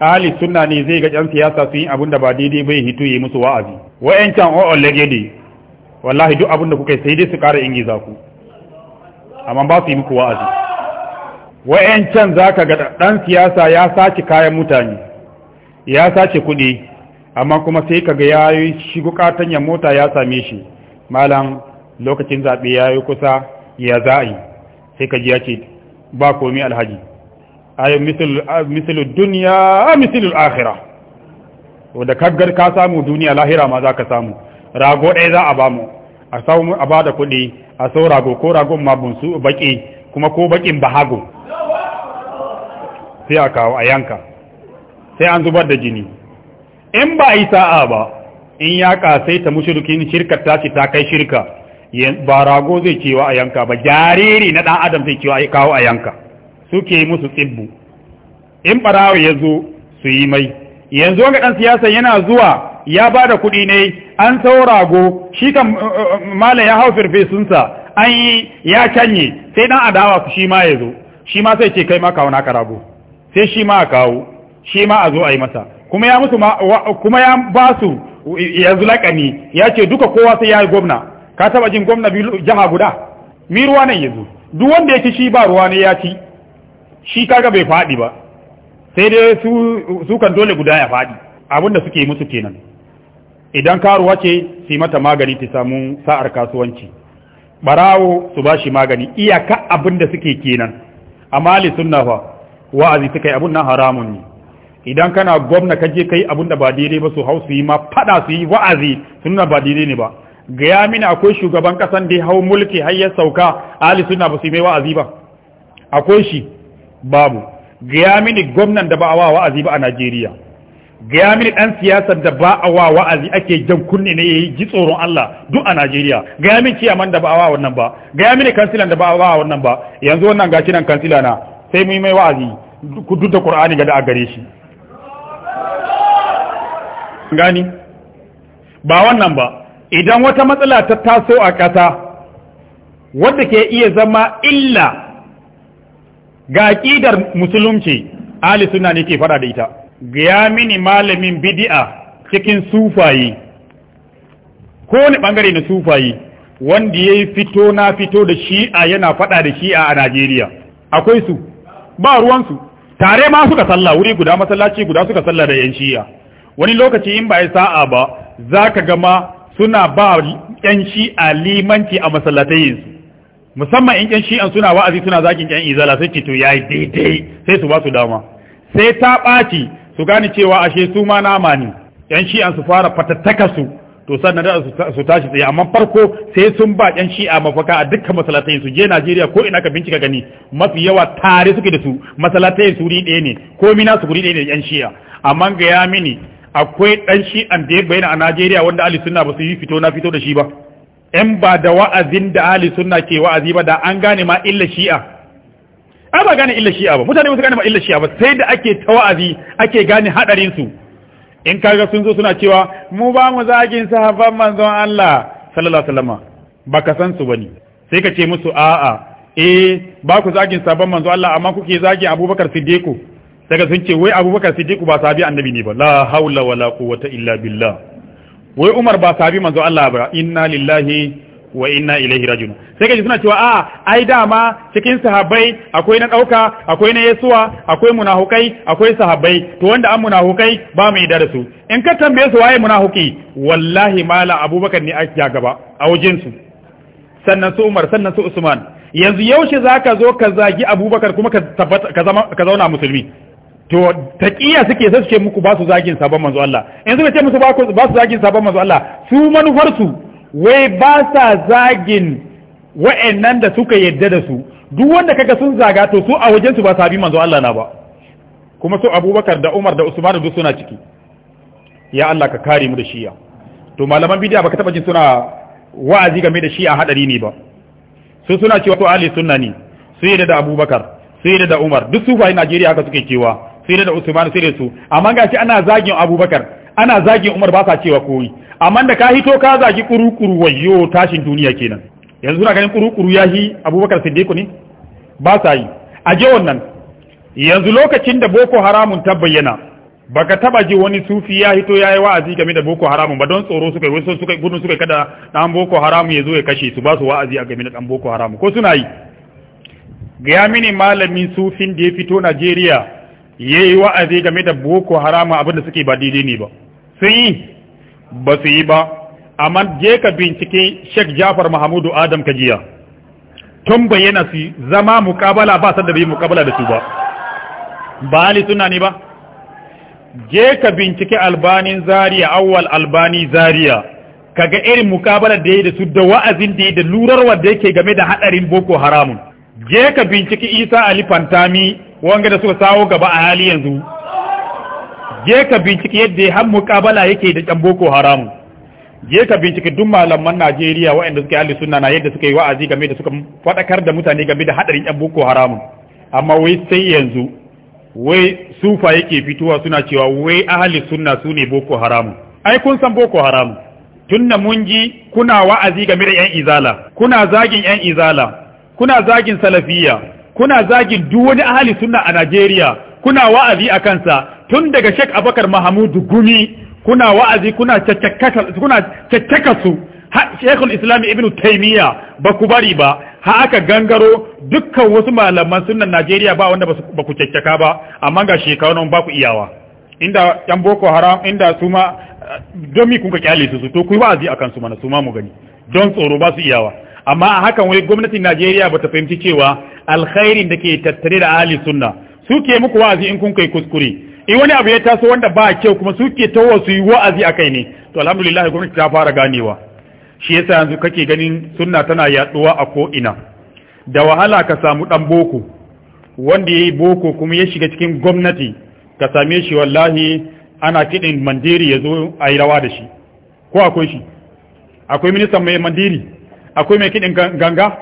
ahli sunna ne zai ga yan siyasa su yi abin da ba daidai bai hito yi musu wa'azi wa'ancan OO oh, legede wallahi duk abin da kuka sai dai su ƙara ingiza ku amma ba su yi muku wa'azi wa'yancan za ka ga ɗan siyasa ya sace kayan mutane ya sace kuɗi amma kuma sai ka ga ya yi shigo mota ya same shi malam lokacin zaɓe ya yi kusa ya za yi sai ka ji ya ce ba komi alhaji ayo misilu duniya misilu akhira wadda kaggar ka samu duniya lahira ma za ka samu rago ɗaya za a ba mu a samu a bada kuɗi a sau rago ko ragon ma bunsu baki kuma ko bakin ba hagu sai a kawo a yanka sai an zubar da jini in ba yi sa'a ba in ya ta mushrikin shirkar tashi ta kai shirka ba rago zai cewa a yanka ba jariri na ɗan adam zai cewa kawo a yanka suke musu tsibbu in barawo ya zo su yi mai yanzu wanga ɗan siyasa yana zuwa ya ba da kuɗi ne an saurago. rago shi kan uh, uh, mala ya hau firfesunsa an yi ya canye sai dan adawa su shi ma ya zo shi ma sai ce kai ma kawo naka rago sai shi ma a kawo shi ma a zo a yi masa kuma ya musu kuma ya ba su ya ce duka kowa sai ya yi gwamna ka taba jin gwamna jiha guda mi ruwa nan yanzu duk wanda ya ci shi ba ruwa ne ya ci shi kaga bai faɗi ba sai dai su kan dole guda ya faɗi abinda suke musu kenan idan karuwa ce su mata magani ta samu sa'ar kasuwanci barawo su ba shi magani iyaka abin da suke kenan amma li sunna fa wa'azi suka yi abun nan haramun ne idan kana gwamna ka je kai abun da ba daidai ba su hau su yi ma fada su yi wa'azi sunna ba daidai ne ba gaya mini akwai shugaban kasan da ya hau mulki har ya sauka ali sunna ba su yi mai wa'azi ba akwai shi babu gaya mini gwamnan da ba a wa wa'azi ba a Najeriya gaya mini dan siyasar da ba a wa wa'azi ake jan kunne ne ya ji tsoron Allah duk a Najeriya gaya mini ciyaman da ba a wa wannan ba gaya mini kansilan da ba a wa wannan ba yanzu wannan gashi nan kansila na sai mu yi mai wa'azi duk da Qur'ani ga da a gare shi gani ba wannan ba idan wata matsala ta taso a ƙasa wadda ke iya zama illa ga ƙidar musulunci ali suna ne ke fada da ita gaya mini malamin bidi'a cikin sufayi kowane bangare na sufayi wanda ya yi fito na fito da shi'a yana fada da shi'a a Najeriya akwai su ba ruwansu tare ma suka sallah wuri guda masallaci guda suka sallah da yan shi'a wani lokaci in ba ya sa'a ba za ka gama suna ba yan shi'a limanci a masallatayinsu musamman in yan shi'an suna wa'azi suna zakin yan izala sai ce to yayi daidai sai su ba su dama sai ta ɓaci su gane cewa ashe su ma nama ne yan shi'an su fara fatattaka su to sannan da su tashi tsaye amma farko sai sun ba yan shi'a mafaka a dukkan masalatai su je Najeriya ko ina ka bincika gani mafi yawa tare suke da su masalatai su ri ɗaya ne ko mina su guri ɗaya ne yan shi'a amma ga ya mini akwai dan shi'an da ya bayyana a Najeriya wanda Ali Sunna ba su yi fito na fito da shi ba yan ba da wa'azin da Ali Sunna ke wa'azi ba da an gane ma illa shi'a ai ba gane illa shi'a ba mutane ba su gane ba illa shi'a ba sai da ake tawazi ake gane hadarin su in kaga sun zo suna cewa mu ba mu zagin sahabban manzon Allah sallallahu alaihi wasallam baka san su bane sai ka ce musu a'a eh ba ku zagin sahabban manzon Allah amma kuke zagin Abubakar Siddiq daga sun ce wai Abubakar Siddiq ba sahabi annabi ne ba la haula wala quwwata illa billah wai Umar ba sahabi manzon Allah ba inna lillahi wa inna ilaihi rajiun sai kaji suna cewa a ai dama cikin sahabbai akwai na dauka akwai na yesuwa akwai munahukai akwai sahabbai to wanda an munahukai ba mu yi darasu in ka tambaye su waye munahuki wallahi mala abubakar ne ake gaba a wajen su sannan su umar sannan su usman yanzu yaushe zaka zo ka zagi abubakar kuma ka tabbata ka zauna musulmi to taqiya suke sai suke ce muku ba su zagin sabon manzo Allah yanzu ba ce musu ba su zagin sabon manzo Allah su manufar su wai ba sa zagin wa'annan da suka yadda da su duk wanda kaga sun zaga to su a wajensu ba sabi manzo Allah na ba kuma su abubakar da umar da usman duk suna ciki ya Allah ka kare mu da shiya to malaman bidiya baka taba jin suna wa'azi game da shiya hadari ne ba su suna cewa to Ali sunna ne su yi da abubakar su yi da umar duk su fa Najeriya haka suke cewa su yi da usman su da su amma gashi ana zagin abubakar ana zagin umar ba sa cewa koyi amma da ka hito ka zagi kurukuru wayo tashin duniya kenan yanzu na ganin kurukuru ya yi abubakar siddiqu ne ba sa yi a je wannan yanzu lokacin da boko haramun ta bayyana baka taba ji wani sufi ya hito ya yi wa'azi game da boko haramun ba don tsoro suka yi wasu suka gudun suka kada dan boko haramu ya zo ya kashe su ba su wa'azi a game da dan boko haramu ko suna yi ga mini malamin sufin da ya fito Najeriya ya yi wa'azi game da boko haramu abinda suke ba daidai ne ba sun yi ba su yi ba amma je ka bincike Sheikh Jafar Mahamudu Adam jiya tun bayyana su zama mukabala ba san da bai mukabala da su ba ba hali suna ne ba je ka bincike albanin zaria awwal albani zaria kaga irin mukabalar da yayi da su da wa'azin da yi da lurarwa da yake game da hadarin boko haramun je ka binciki Isa Ali Fantami wanga da suka sawo gaba a hali yanzu je ka binciki yadda ya har mukabala yake da ƴan boko haramu je ka binciki duk malaman Najeriya waɗanda suke yi suna na yadda suka yi wa'azi game da suka faɗakar da mutane game da haɗarin ƴan boko haram amma wai sai yanzu wai sufa yake fitowa suna cewa wai ahli sunna su ne boko haram ai kun san boko haram tunna mun ji kuna wa'azi game da yan izala kuna zagin yan izala kuna zagin salafiya kuna zagin duk wani ahali sunna a Najeriya kuna wa'azi a kansa tun daga Sheikh Abubakar Mahamudu Gumi kuna wa'azi kuna caccaka su Sheikhul Islam Ibn Taymiyyah ba ku bari ba ha aka gangaro dukkan wasu malaman sunnan Najeriya ba wanda ba ku caccaka ba amma ga shekaru ba ku iyawa inda yan boko haram inda su ma don mi kun kyale su to ku yi wa'azi akan su mana su ma mu gani don tsoro ba su iyawa amma a hakan wai gwamnatin Najeriya ba ta fahimci cewa alkhairin da ke tattare da ahli sunna suke muku wa'azi in kun kai kuskure in wani abu ya taso wanda ba kyau kuma suke tawo su yi wa'azi a kai ne to alhamdulillah gwamnati ta fara ganewa shi yasa yanzu kake ganin sunna tana yaduwa a ko ina da wahala ka samu dan boko wanda yayi boko kuma ya shiga cikin gwamnati ka same shi wallahi ana kidin mandiri yazo a yi rawa da shi ko akwai shi akwai ministan mai mandiri akwai mai kidin ganga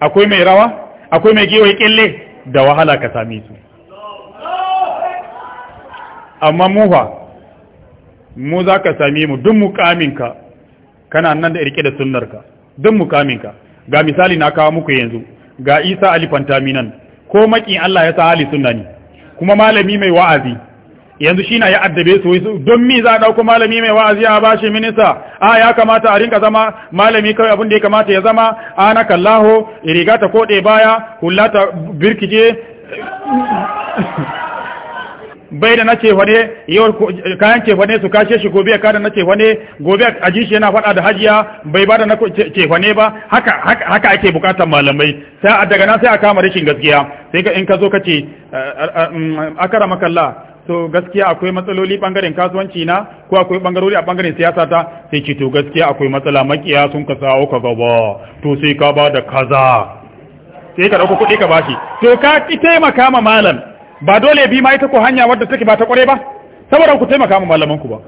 akwai mai rawa akwai mai giwaye kille da wahala ka same su amma muha mu za ka same mu duk mukaminka kana nan da irke da sunnarka duk mukaminka ga misali na kawo muku yanzu ga isa ali fantaminan ko makin allah ya sa hali sunna ne kuma malami mai wa'azi yanzu shi na ya addabe su don mi za a ɗauko malami mai wa'azi a bashi minista a ya kamata a rinka zama malami kawai abin da ya kamata ya zama a na kallaho riga ta koɗe baya hula ta birkice bai da na cefane yau kayan cefane su kashe shi gobe ka da na cefane gobe a ji shi yana faɗa da hajiya bai bada da na cefane ba haka haka ake bukatar malamai sai a daga na sai a kama rashin gaskiya sai ka in ka zo ka ce mm, akara makalla to gaskiya akwai matsaloli bangaren kasuwanci na ko akwai bangarori a bangaren siyasa ta sai ce to gaskiya akwai matsala makiya sun ka sawo ka gaba to sai ka ba kaza sai ka dauko kuɗi ka bashi to ka ki taimaka ma malam ba dole bi ma ita ko hanya wadda take ba ta kware ba saboda ku taimaka mu malaman ku ba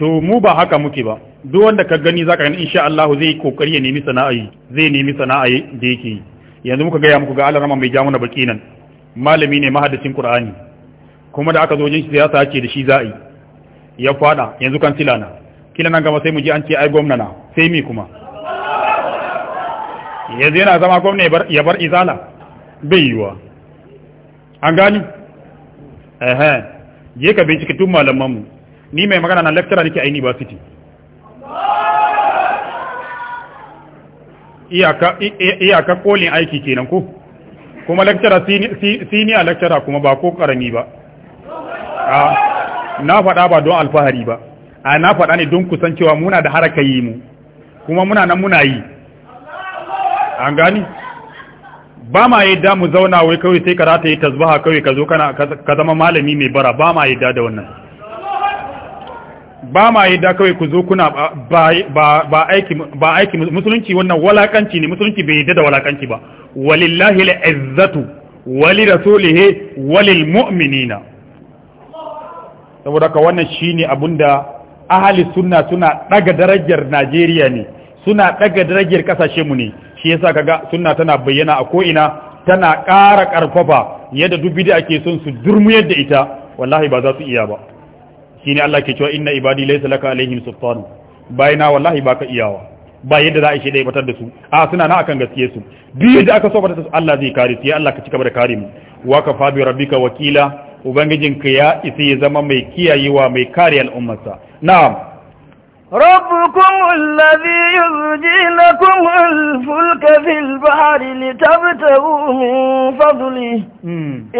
to mu ba haka muke ba duk wanda ka gani zaka gani insha Allah zai kokari ya nemi sana'a zai nemi sana'a da yake yanzu muka ga ya muku ga Allah rama mai jamuna baki nan malami ne mahaddacin Qur'ani kuma da aka zo jin siyasa ce da shi za'i ya fada yanzu kan tilana kila nan gaba sai mu ji an ce ai gwamna na sai mi kuma yanzu yana zama gwamna ya bar izala bai yiwa an gani eh je ka bincike tun malaman mu ni mai magana na lecturer nake a university iyaka ka kolin aiki kenan ko kuma lecturer senior lecturer kuma ba ko karami ba na faɗa ba don alfahari ba a na faɗa ne don kusancewa muna da haraka yi mu kuma muna nan muna yi an gani ba ma yadda mu zauna wai kawai sai ka yi tasbaha kawai ka zo kana ka zama malami mai bara ba ma yadda da wannan ba ma yadda kawai ku zo kuna ba ba aiki ba aiki musulunci wannan walakanci ne musulunci bai yadda da walakanci ba walillahi al-izzatu wali rasulihi walil mu'minina saboda ka wannan shine abunda ahali sunna suna daga darajar Najeriya ne suna daga darajar kasashe mu ne shi yasa kaga sunna tana bayyana a ko ina tana ƙara ƙarfafa yadda duk bid'a ke son su durmuyar da ita wallahi ba za su iya ba shine Allah ke cewa inna ibadi laysa laka alaihim sultan bayina wallahi baka iyawa ba yadda za a ishe batar da su a suna na akan gaskiye su duk yadda aka so batar su Allah zai kare su ya Allah ka cika da kare mu wa ka fa bi rabbika wakila ubangijinka ya isa ya zama mai kiyayewa mai kare al'ummarsa na'am
ربكم الذي يرجي لكم الفلك في البحر لتبتغوا من فضله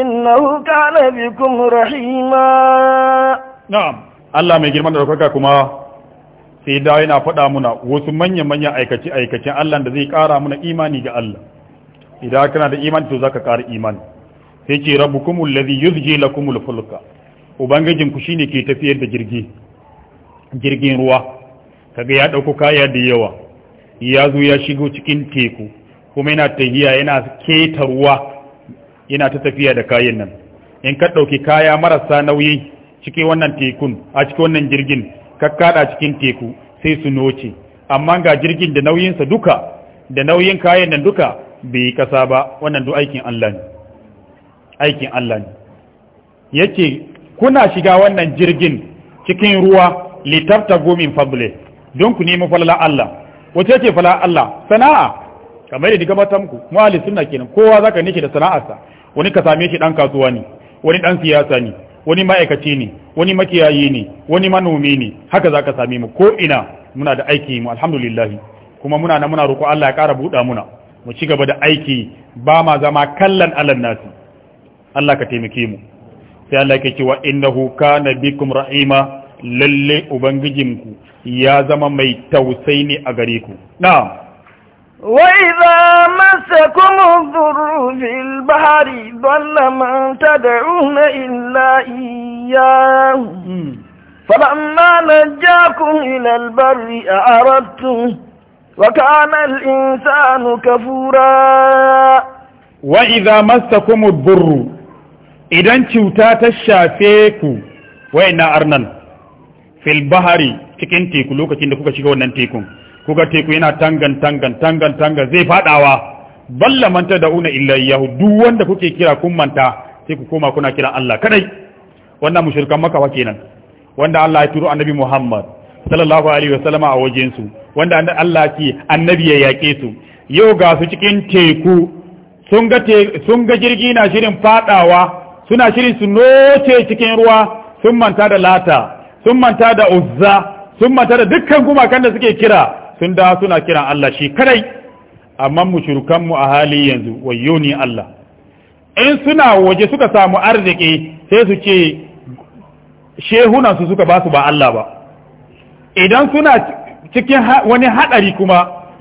إنه كان بكم رحيما نعم
الله mai girma da ɗaukaka kuma sai da yana faɗa mana wasu manya-manya aikace Allah da zai kara mana imani ga Allah idan kana da imani to zaka kara imani sai ce rabbukumul ladhi yuzji lakumul fulka ubangijinku shine ke tafiyar da jirgi jirgin ruwa kaga ya ɗauko kaya da yawa ya zo ya shigo cikin teku kuma yana tahiya yana keta ruwa yana ta tafiya da kayan nan in ka ɗauki kaya marasa nauyi cikin wannan tekun a cikin wannan jirgin ka kada cikin teku sai su noce amma ga jirgin da nauyinsa duka da nauyin kayan nan duka bai yi kasa ba wannan duk aikin Allah ne aikin Allah ne yake kuna shiga wannan jirgin cikin ruwa litafta gomin fadle don ku nemi falala Allah wace ce falala Allah sana'a kamar da diga muku mu ahli sunna kenan kowa zaka nike da sana'arsa wani ka same shi dan kasuwa ne wani dan siyasa ne wani ma'aikaci ne wani makiyayi ne wani manomi ne haka zaka same mu ko ina muna da aiki mu alhamdulillah kuma muna na muna roko Allah ya ƙara buɗa muna mu ci gaba da aiki ba ma zama kallan alan nasi Allah ka taimake mu sai Allah yake cewa innahu kana bikum ra'ima lalle ubangijinku ya zama mai tausai ne a gare ku. Na.
Wa’iza masa kuma zuru fil bahari balla da ruhuna illa iya. Falamma na ja kun ilal bari a arattu, wa kanar insanu kafura.
Wa’iza masa kuma zuru, idan cuta ta shafe ku, wa’ina arnan, fil cikin teku lokacin da kuka shiga wannan tekun kuka teku yana tangan tangan tangan tangan zai fadawa balla manta da una illa yahu duk wanda kuke kira kun manta sai ku koma kuna kira Allah kadai wannan mushrikan maka wa kenan wanda Allah ya turo annabi Muhammad sallallahu alaihi wa sallama a wajen su wanda Allah ce annabi ya yake su yau ga su cikin teku sun ga sun ga jirgi na shirin fadawa suna shirin su noce cikin ruwa sun manta da lata sun manta da uzza sun mata da dukkan gumakan da suke kira sun da suna kiran Allah shi kadai amma mushrikan mu a hali yanzu wayyo ni Allah in suna waje suka samu arziki sai su ce shehunan su suka ba su ba Allah ba idan suna cikin wani hadari kuma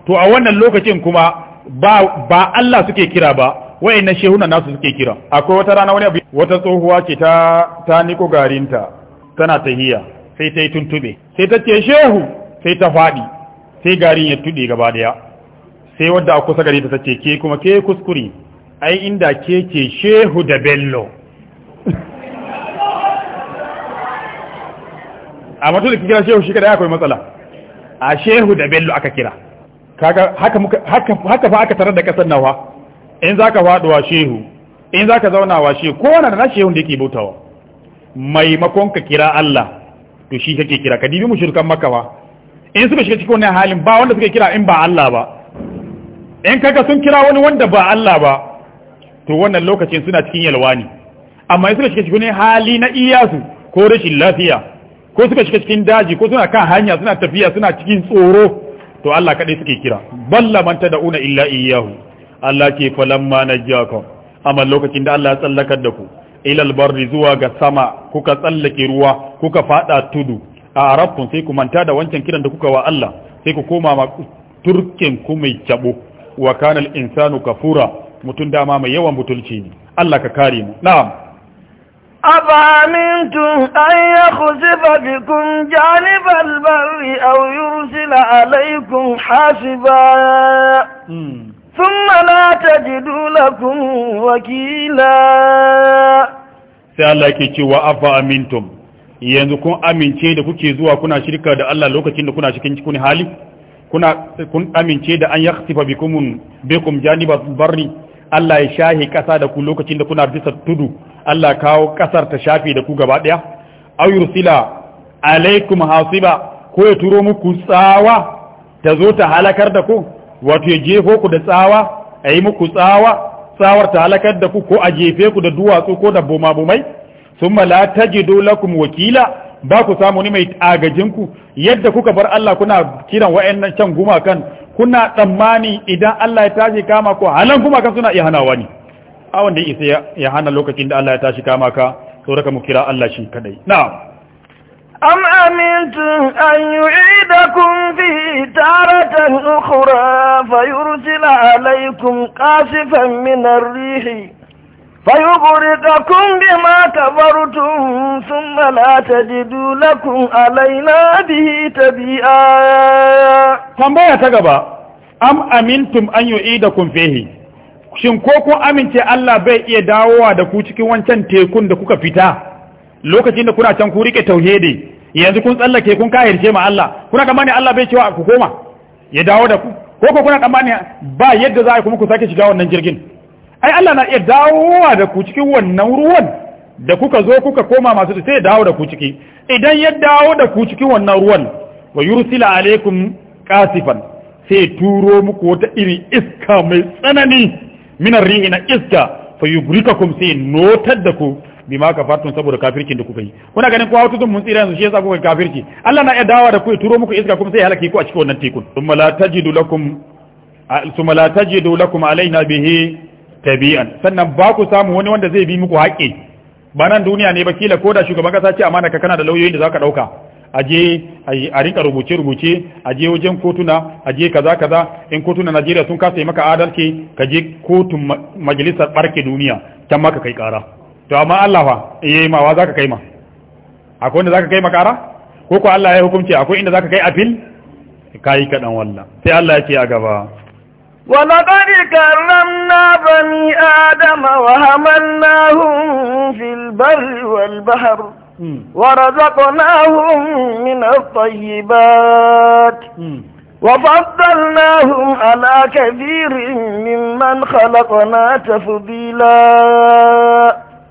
to a wannan lokacin kuma ba ba Allah suke kira ba wayannan shehunan nasu suke kira akwai wata rana wani wata tsohuwa ce ta ta niko garinta tana tahiya sai ta yi tuntube sai ta ce shehu sai ta faɗi sai garin ya tuɗe gaba daya sai wadda a kusa gari ta sace ke kuma ke kuskure ai inda ke ce shehu da bello a matu da kira shehu shi kada akwai matsala a shehu da bello aka kira haka fa aka tarar da kasar nawa in za ka faɗuwa shehu in za ka wa shehu kowane da na shehu da yake bautawa maimakon ka kira Allah to shi kake kira ka dibi mushrikan makka ba in suka shiga cikin wannan halin ba wanda suka kira in ba Allah ba in kaga sun kira wani wanda ba Allah ba to wannan lokacin suna cikin yalwani amma in suka shiga cikin hali na iyasu ko rashin lafiya ko suka shiga cikin daji ko suna kan hanya suna tafiya suna cikin tsoro to Allah kadai suke kira balla man tad'una illa iyyahu Allah ke falamma najjakum amma lokacin da Allah ya tsallakar da ku ilal barri zuwa ga sama kuka tsallake ruwa kuka fada tudu a arabkun sai ku manta da wancan kiran da kuka wa Allah sai ku koma ma turkin ku mai cabo wa kana al insanu kafura mutun dama mai yawan butulci ne Allah ka kare mu na'am
أفأمنتم أن يخسف بكم جانب البر أو يرسل عليكم حاسبا ثم لا تجدوا لكم وكيلا
sai Allah ke cewa afa amintum yanzu kun amince da kuke zuwa kuna shirka da Allah lokacin da kuna cikin cikin hali kuna kun amince da an yakhsifa bikum bikum janibat barri Allah ya shahi kasa da ku lokacin da kuna bisa tudu Allah kawo kasar ta shafe da ku gaba daya aw yursila alaikum hasiba ko ya turo muku tsawa ta zo ta halakar da ku wato ya jefo ku da tsawa a yi muku tsawa tsawar ta halakar da ku ko a jefe ku da duwatsu ko da bumabumai mala la tajidu lakum wakila ba ku samu ni mai agajinku ku yadda kuka bar Allah kuna kiran wayannan can gumakan kuna tsammani idan Allah ya tashi kama ku halan gumakan suna iya hanawa ne a wanda ya hana lokacin da Allah ya tashi kama ka sauraka mu kira Allah shi kadai na'am
أم أمنتم أن يعيدكم فيه تارة أخرى فيرسل عليكم قاسفا من الريح فيغرقكم بما كفرتم ثم لا تجدوا لكم علينا به تبيئا
tambaya ta gaba am amintum an yu'idakum fihi shin ko kun amince Allah bai iya dawowa da ku cikin wancan tekun da kuka fita lokacin da kuna can ku rike tauhidi yanzu kun tsallake kun kayarce ma Allah kuna kamani Allah bai cewa ku koma ya dawo da ku ko ko kuna kamani ba yadda za a kuma ku sake shiga wannan jirgin ai Allah na iya dawowa da ku cikin wannan ruwan da kuka zo kuka koma masu sai ya dawo da ku ciki idan ya dawo da ku cikin wannan ruwan wa yursila alaikum qasifan sai turo muku wata iri iska mai tsanani minar rihi na iska fa yubrikakum sai notar da ku bima kafartum saboda kafircin da kuka yi kuna ganin wata hautun mun tsira yanzu shi yasa kuka kafirci Allah na iya dawa da ku ya turo muku iska kuma sai ya halake ku a cikin wannan tekun thumma la tajidu lakum thumma la tajidu lakum alaina bihi tabi'an sannan ba ku samu wani wanda zai bi muku haƙƙi ba nan duniya ne ba kila ko da shugaban kasa ce amana ka kana da lauyoyin da zaka dauka aje a rinka rubuce-rubuce aje wajen kotuna aje kaza-kaza in kotuna najeriya sun kasa yi maka adalci ka je kotun majalisar barke duniya can maka kai kara to amma Allah fa yayi ma wa zaka kai ma akwai wanda zaka kai ma ko ko Allah ya hukunci akwai inda zaka kai apil kai kadan walla sai Allah ya ce a gaba
ولقد كرمنا بني آدم وهملناهم في البر والبحر ورزقناهم من الطيبات وفضلناهم على كثير ممن خلقنا تفضيلا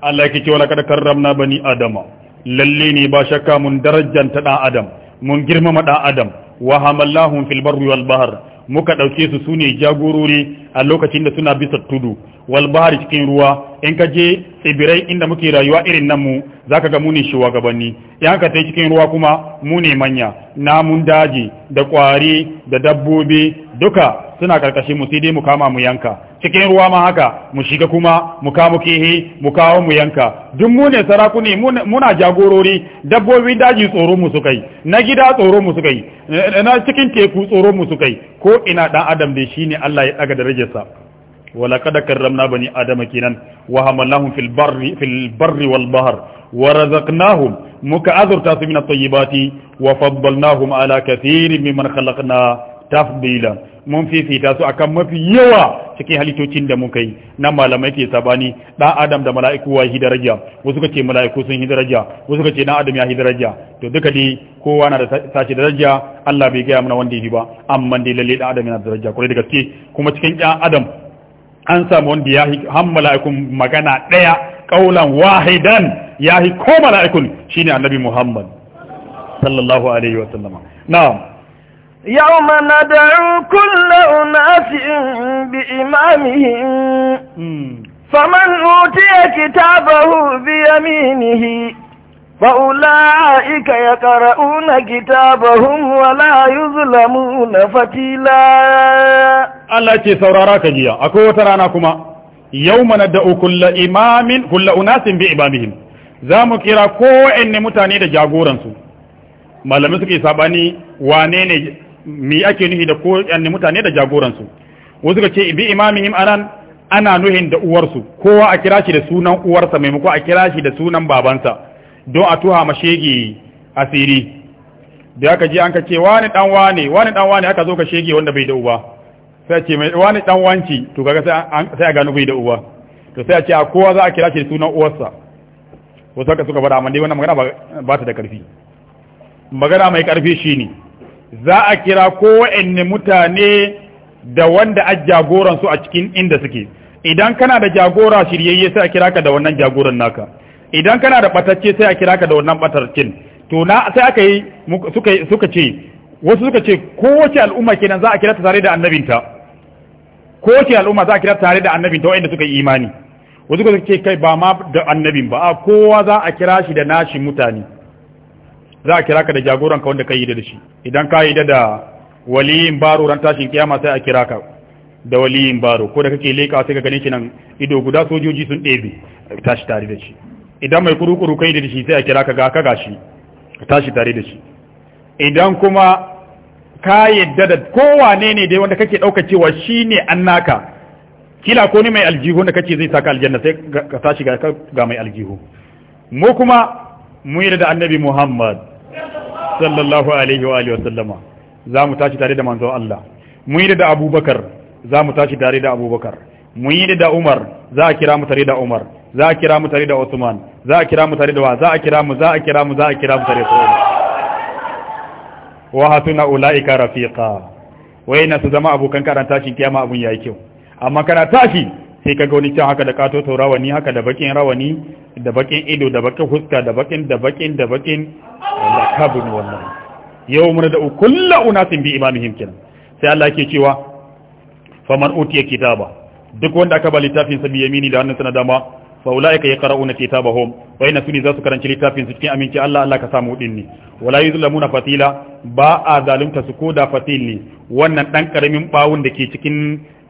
Allah yake cewa laqad karramna bani adama lalle ne ba shakka mun darajanta dan adam mun girmama dan adam wa hamallahu fil barri wal bahr muka dauke su sune jagorori a lokacin da suna bisa tudu wal bahr cikin ruwa in ka je tsibirai inda muke rayuwa irin nan mu zaka ga mu ne shugabanni in ka tai cikin ruwa kuma mu ne manya namun daji da kwari da dabbobi duka suna karkashin mu sai dai mu kama mu yanka cikin ruwa ma haka mu shiga kuma mu kamu kihi mu kawo mu yanka duk mu ne saraku muna jagorori dabbobi daji tsoro mu su kai na gida tsoro mu su kai na cikin teku tsoro mu su kai ko ina dan adam shi ne Allah ya daga darajarsa wala kada karramna bani adama kenan wa hamalnahum fil barri fil barri wal bahr muka azurta su min at-tayyibati wa faddalnahum ala kathirin mimman khalaqna tafdila mun fifita su akan mafi yawa cikin halittocin da muka yi na malamai ke sabani dan adam da mala'iku wa hidaraja wasu ce mala'iku sun hidaraja wasu ce dan adam ya hidaraja to duka dai kowa na da sashi daraja Allah bai gaya mana wanda yi ba amma dai lalle dan adam yana da daraja kwarai da gaske kuma cikin ɗan adam an samu wanda ya han mala'ikun magana ɗaya kaulan wahidan ya ko mala'ikun shine annabi Muhammad sallallahu alaihi wa sallama na'am
يوم ندعو كل أناس بإمامهم فمن أوتي كتابه بيمينه فأولئك يقرؤون كتابهم ولا يظلمون فتيلا
الله يتي سوراراك جيا أكو تراناكما يوم ندعو كل إمام كل أناس بإمامهم زامو كيرا kowanne mutane da jagoransu malamai suke sabani wane ne mi ake nuhi da ko yanne mutane da jagoransu wasu ka ce bi imamihim anan ana nuhin da uwarsu kowa a kira shi da sunan uwarsa maimako a kira shi da sunan babansa don a tuha mashegi asiri da aka ji an ka ce wani dan wane wani dan wane aka zo ka shege wanda bai da uba sai ce mai wani dan wanci to kaga sai sai a gano bai da uba to sai a ce a kowa za a kira shi da sunan uwarsa wasu ka suka faɗa amma dai wannan magana ba ta da karfi magana mai karfi shine za a kira kowanne mutane da wanda a jagoran su a cikin inda suke idan kana da jagora shiryayye sai a kira ka da wannan jagoran naka idan kana da batacce sai a kira ka da wannan batarcin to na sai aka yi suka suka ce wasu suka ce kowace al'umma kenan za a kira ta tare da annabinta kowace al'umma za a kira ta tare da annabinta wanda suka yi imani wasu suka ce kai ba ma da annabin ba a kowa za a kira shi da nashi mutane za a kira ka da jagoran ka wanda ka yi da shi idan ka yi da waliyin baro ran tashin kiyama sai a kira ka da waliyin baro ko da kake leka sai ka gane shi nan ido guda sojoji sun ɗebe tashi tare da shi idan mai kurukuru kai da shi sai a kira ka ga ka gashi tashi tare da shi idan kuma ka yadda da kowane ne dai wanda kake ɗauka cewa shi ne an naka kila ko ni mai aljihu wanda kace zai saka aljanna sai ka tashi ga mai aljihu mu kuma mu yi da annabi muhammad sallallahu alaihi wa wa sallama za mu tashi tare da manzon Allah mun yi da Abubakar za mu tashi tare da Abubakar mun yi da Umar za a kira mu tare da Umar za a kira mu tare da Uthman za a kira mu tare da wa za a kira mu za a kira mu za a kira mu tare da Umar wa hatuna ulaika rafiqa wayna su zama abokan karanta cikin kiyama abun yayi kyau amma kana tashi sai ga wani can haka da katoto rawani haka da bakin rawani da bakin ido da bakin huska da bakin da bakin da bakin lakabun wannan yau mun da kullu unasin bi imamihim kenan sai Allah yake cewa faman utiya kitaba duk wanda aka ba littafin sa bi yamini da hannunsa na dama fa ulaika yaqra'una kitabahum wa inna sunni zasu karanci littafin su cikin aminci Allah Allah ka samu dinni ne wala yuzlamuna fatila ba a zalunta su ko da fatil ne wannan dan karamin bawun da ke cikin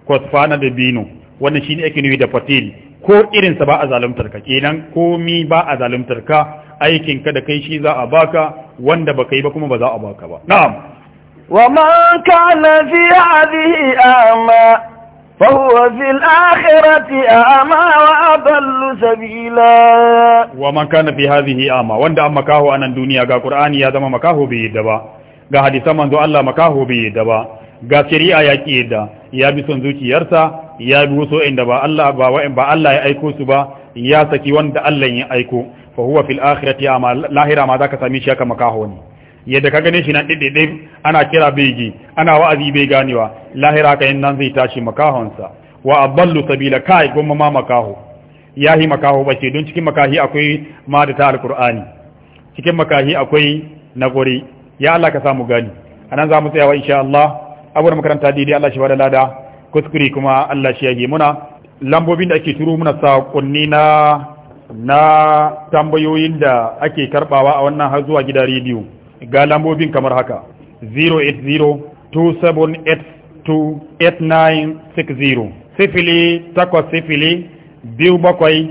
kwasfana da bino wanda shine ake nufi da fatil ko irin sa ba a zalimtar ka kenan komi ba a zalimtar ka aikin da kai shi za a baka wanda ba kai ba kuma ba za a baka ba na'am
wa man kana fi hadhihi ama fa huwa fil akhirati ama wa sabila
wa man kana fi hadhihi ama wanda an makaho anan duniya ga qur'ani ya zama makaho bai yadda ba ga hadisan manzo Allah makaho bai yadda ba ga shari'a ya ƙi yadda ya bi son zuciyarsa ya bi wasu inda ba Allah ba wa'in ba Allah ya aiko su ba ya saki wanda Allah ya aiko fa huwa fil akhirati amal lahira ma zaka sami shi haka makaho ne yadda ka gane shi nan didide ana kira beji ana wa'azi bai ganewa lahira ka yin nan zai tashi makahonsa wa adallu sabila kai goma ma makaho yahi makaho bace don cikin makahi akwai ma da ta alqur'ani cikin makahi akwai nagori ya Allah ka samu gani anan za mu wa insha Allah abuwar makaranta daidai Allah shi bada lada kuskure kuma Allah shi yage muna lambobin da ake turo muna sakonni na na tambayoyin da ake karbawa a wannan har zuwa gida rediyo ga lambobin kamar haka 08027828960 sifili takwas sifili biyu bakwai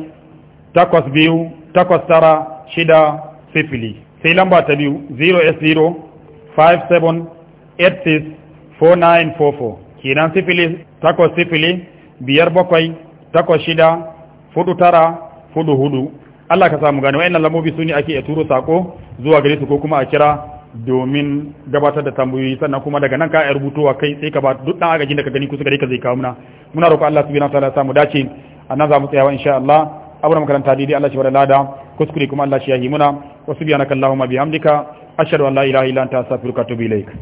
takwas biyu takwas tara shida sifili sai lamba ta biyu 0 s 0 5 7 8 6 4944 kenan sifili takwas sifili biyar bakwai takwas shida hudu tara fudu hudu Allah ka samu gani wa'annan lamobi su ne ake turo sako zuwa gare su ko kuma a kira domin gabatar da tambayoyi sannan kuma daga nan ka yi rubutowa kai sai ka ba duk dan agajin da ka gani kusa gare ka zai kawo muna muna roƙo Allah subhanahu wataala ya samu dace annan za mu tsayawa insha Allah abura makaranta dai Allah shi bada lada kuskure kuma Allah shi yahi muna wa subhanaka allahumma bihamdika ashhadu an la ilaha illa anta astaghfiruka wa atubu ilaik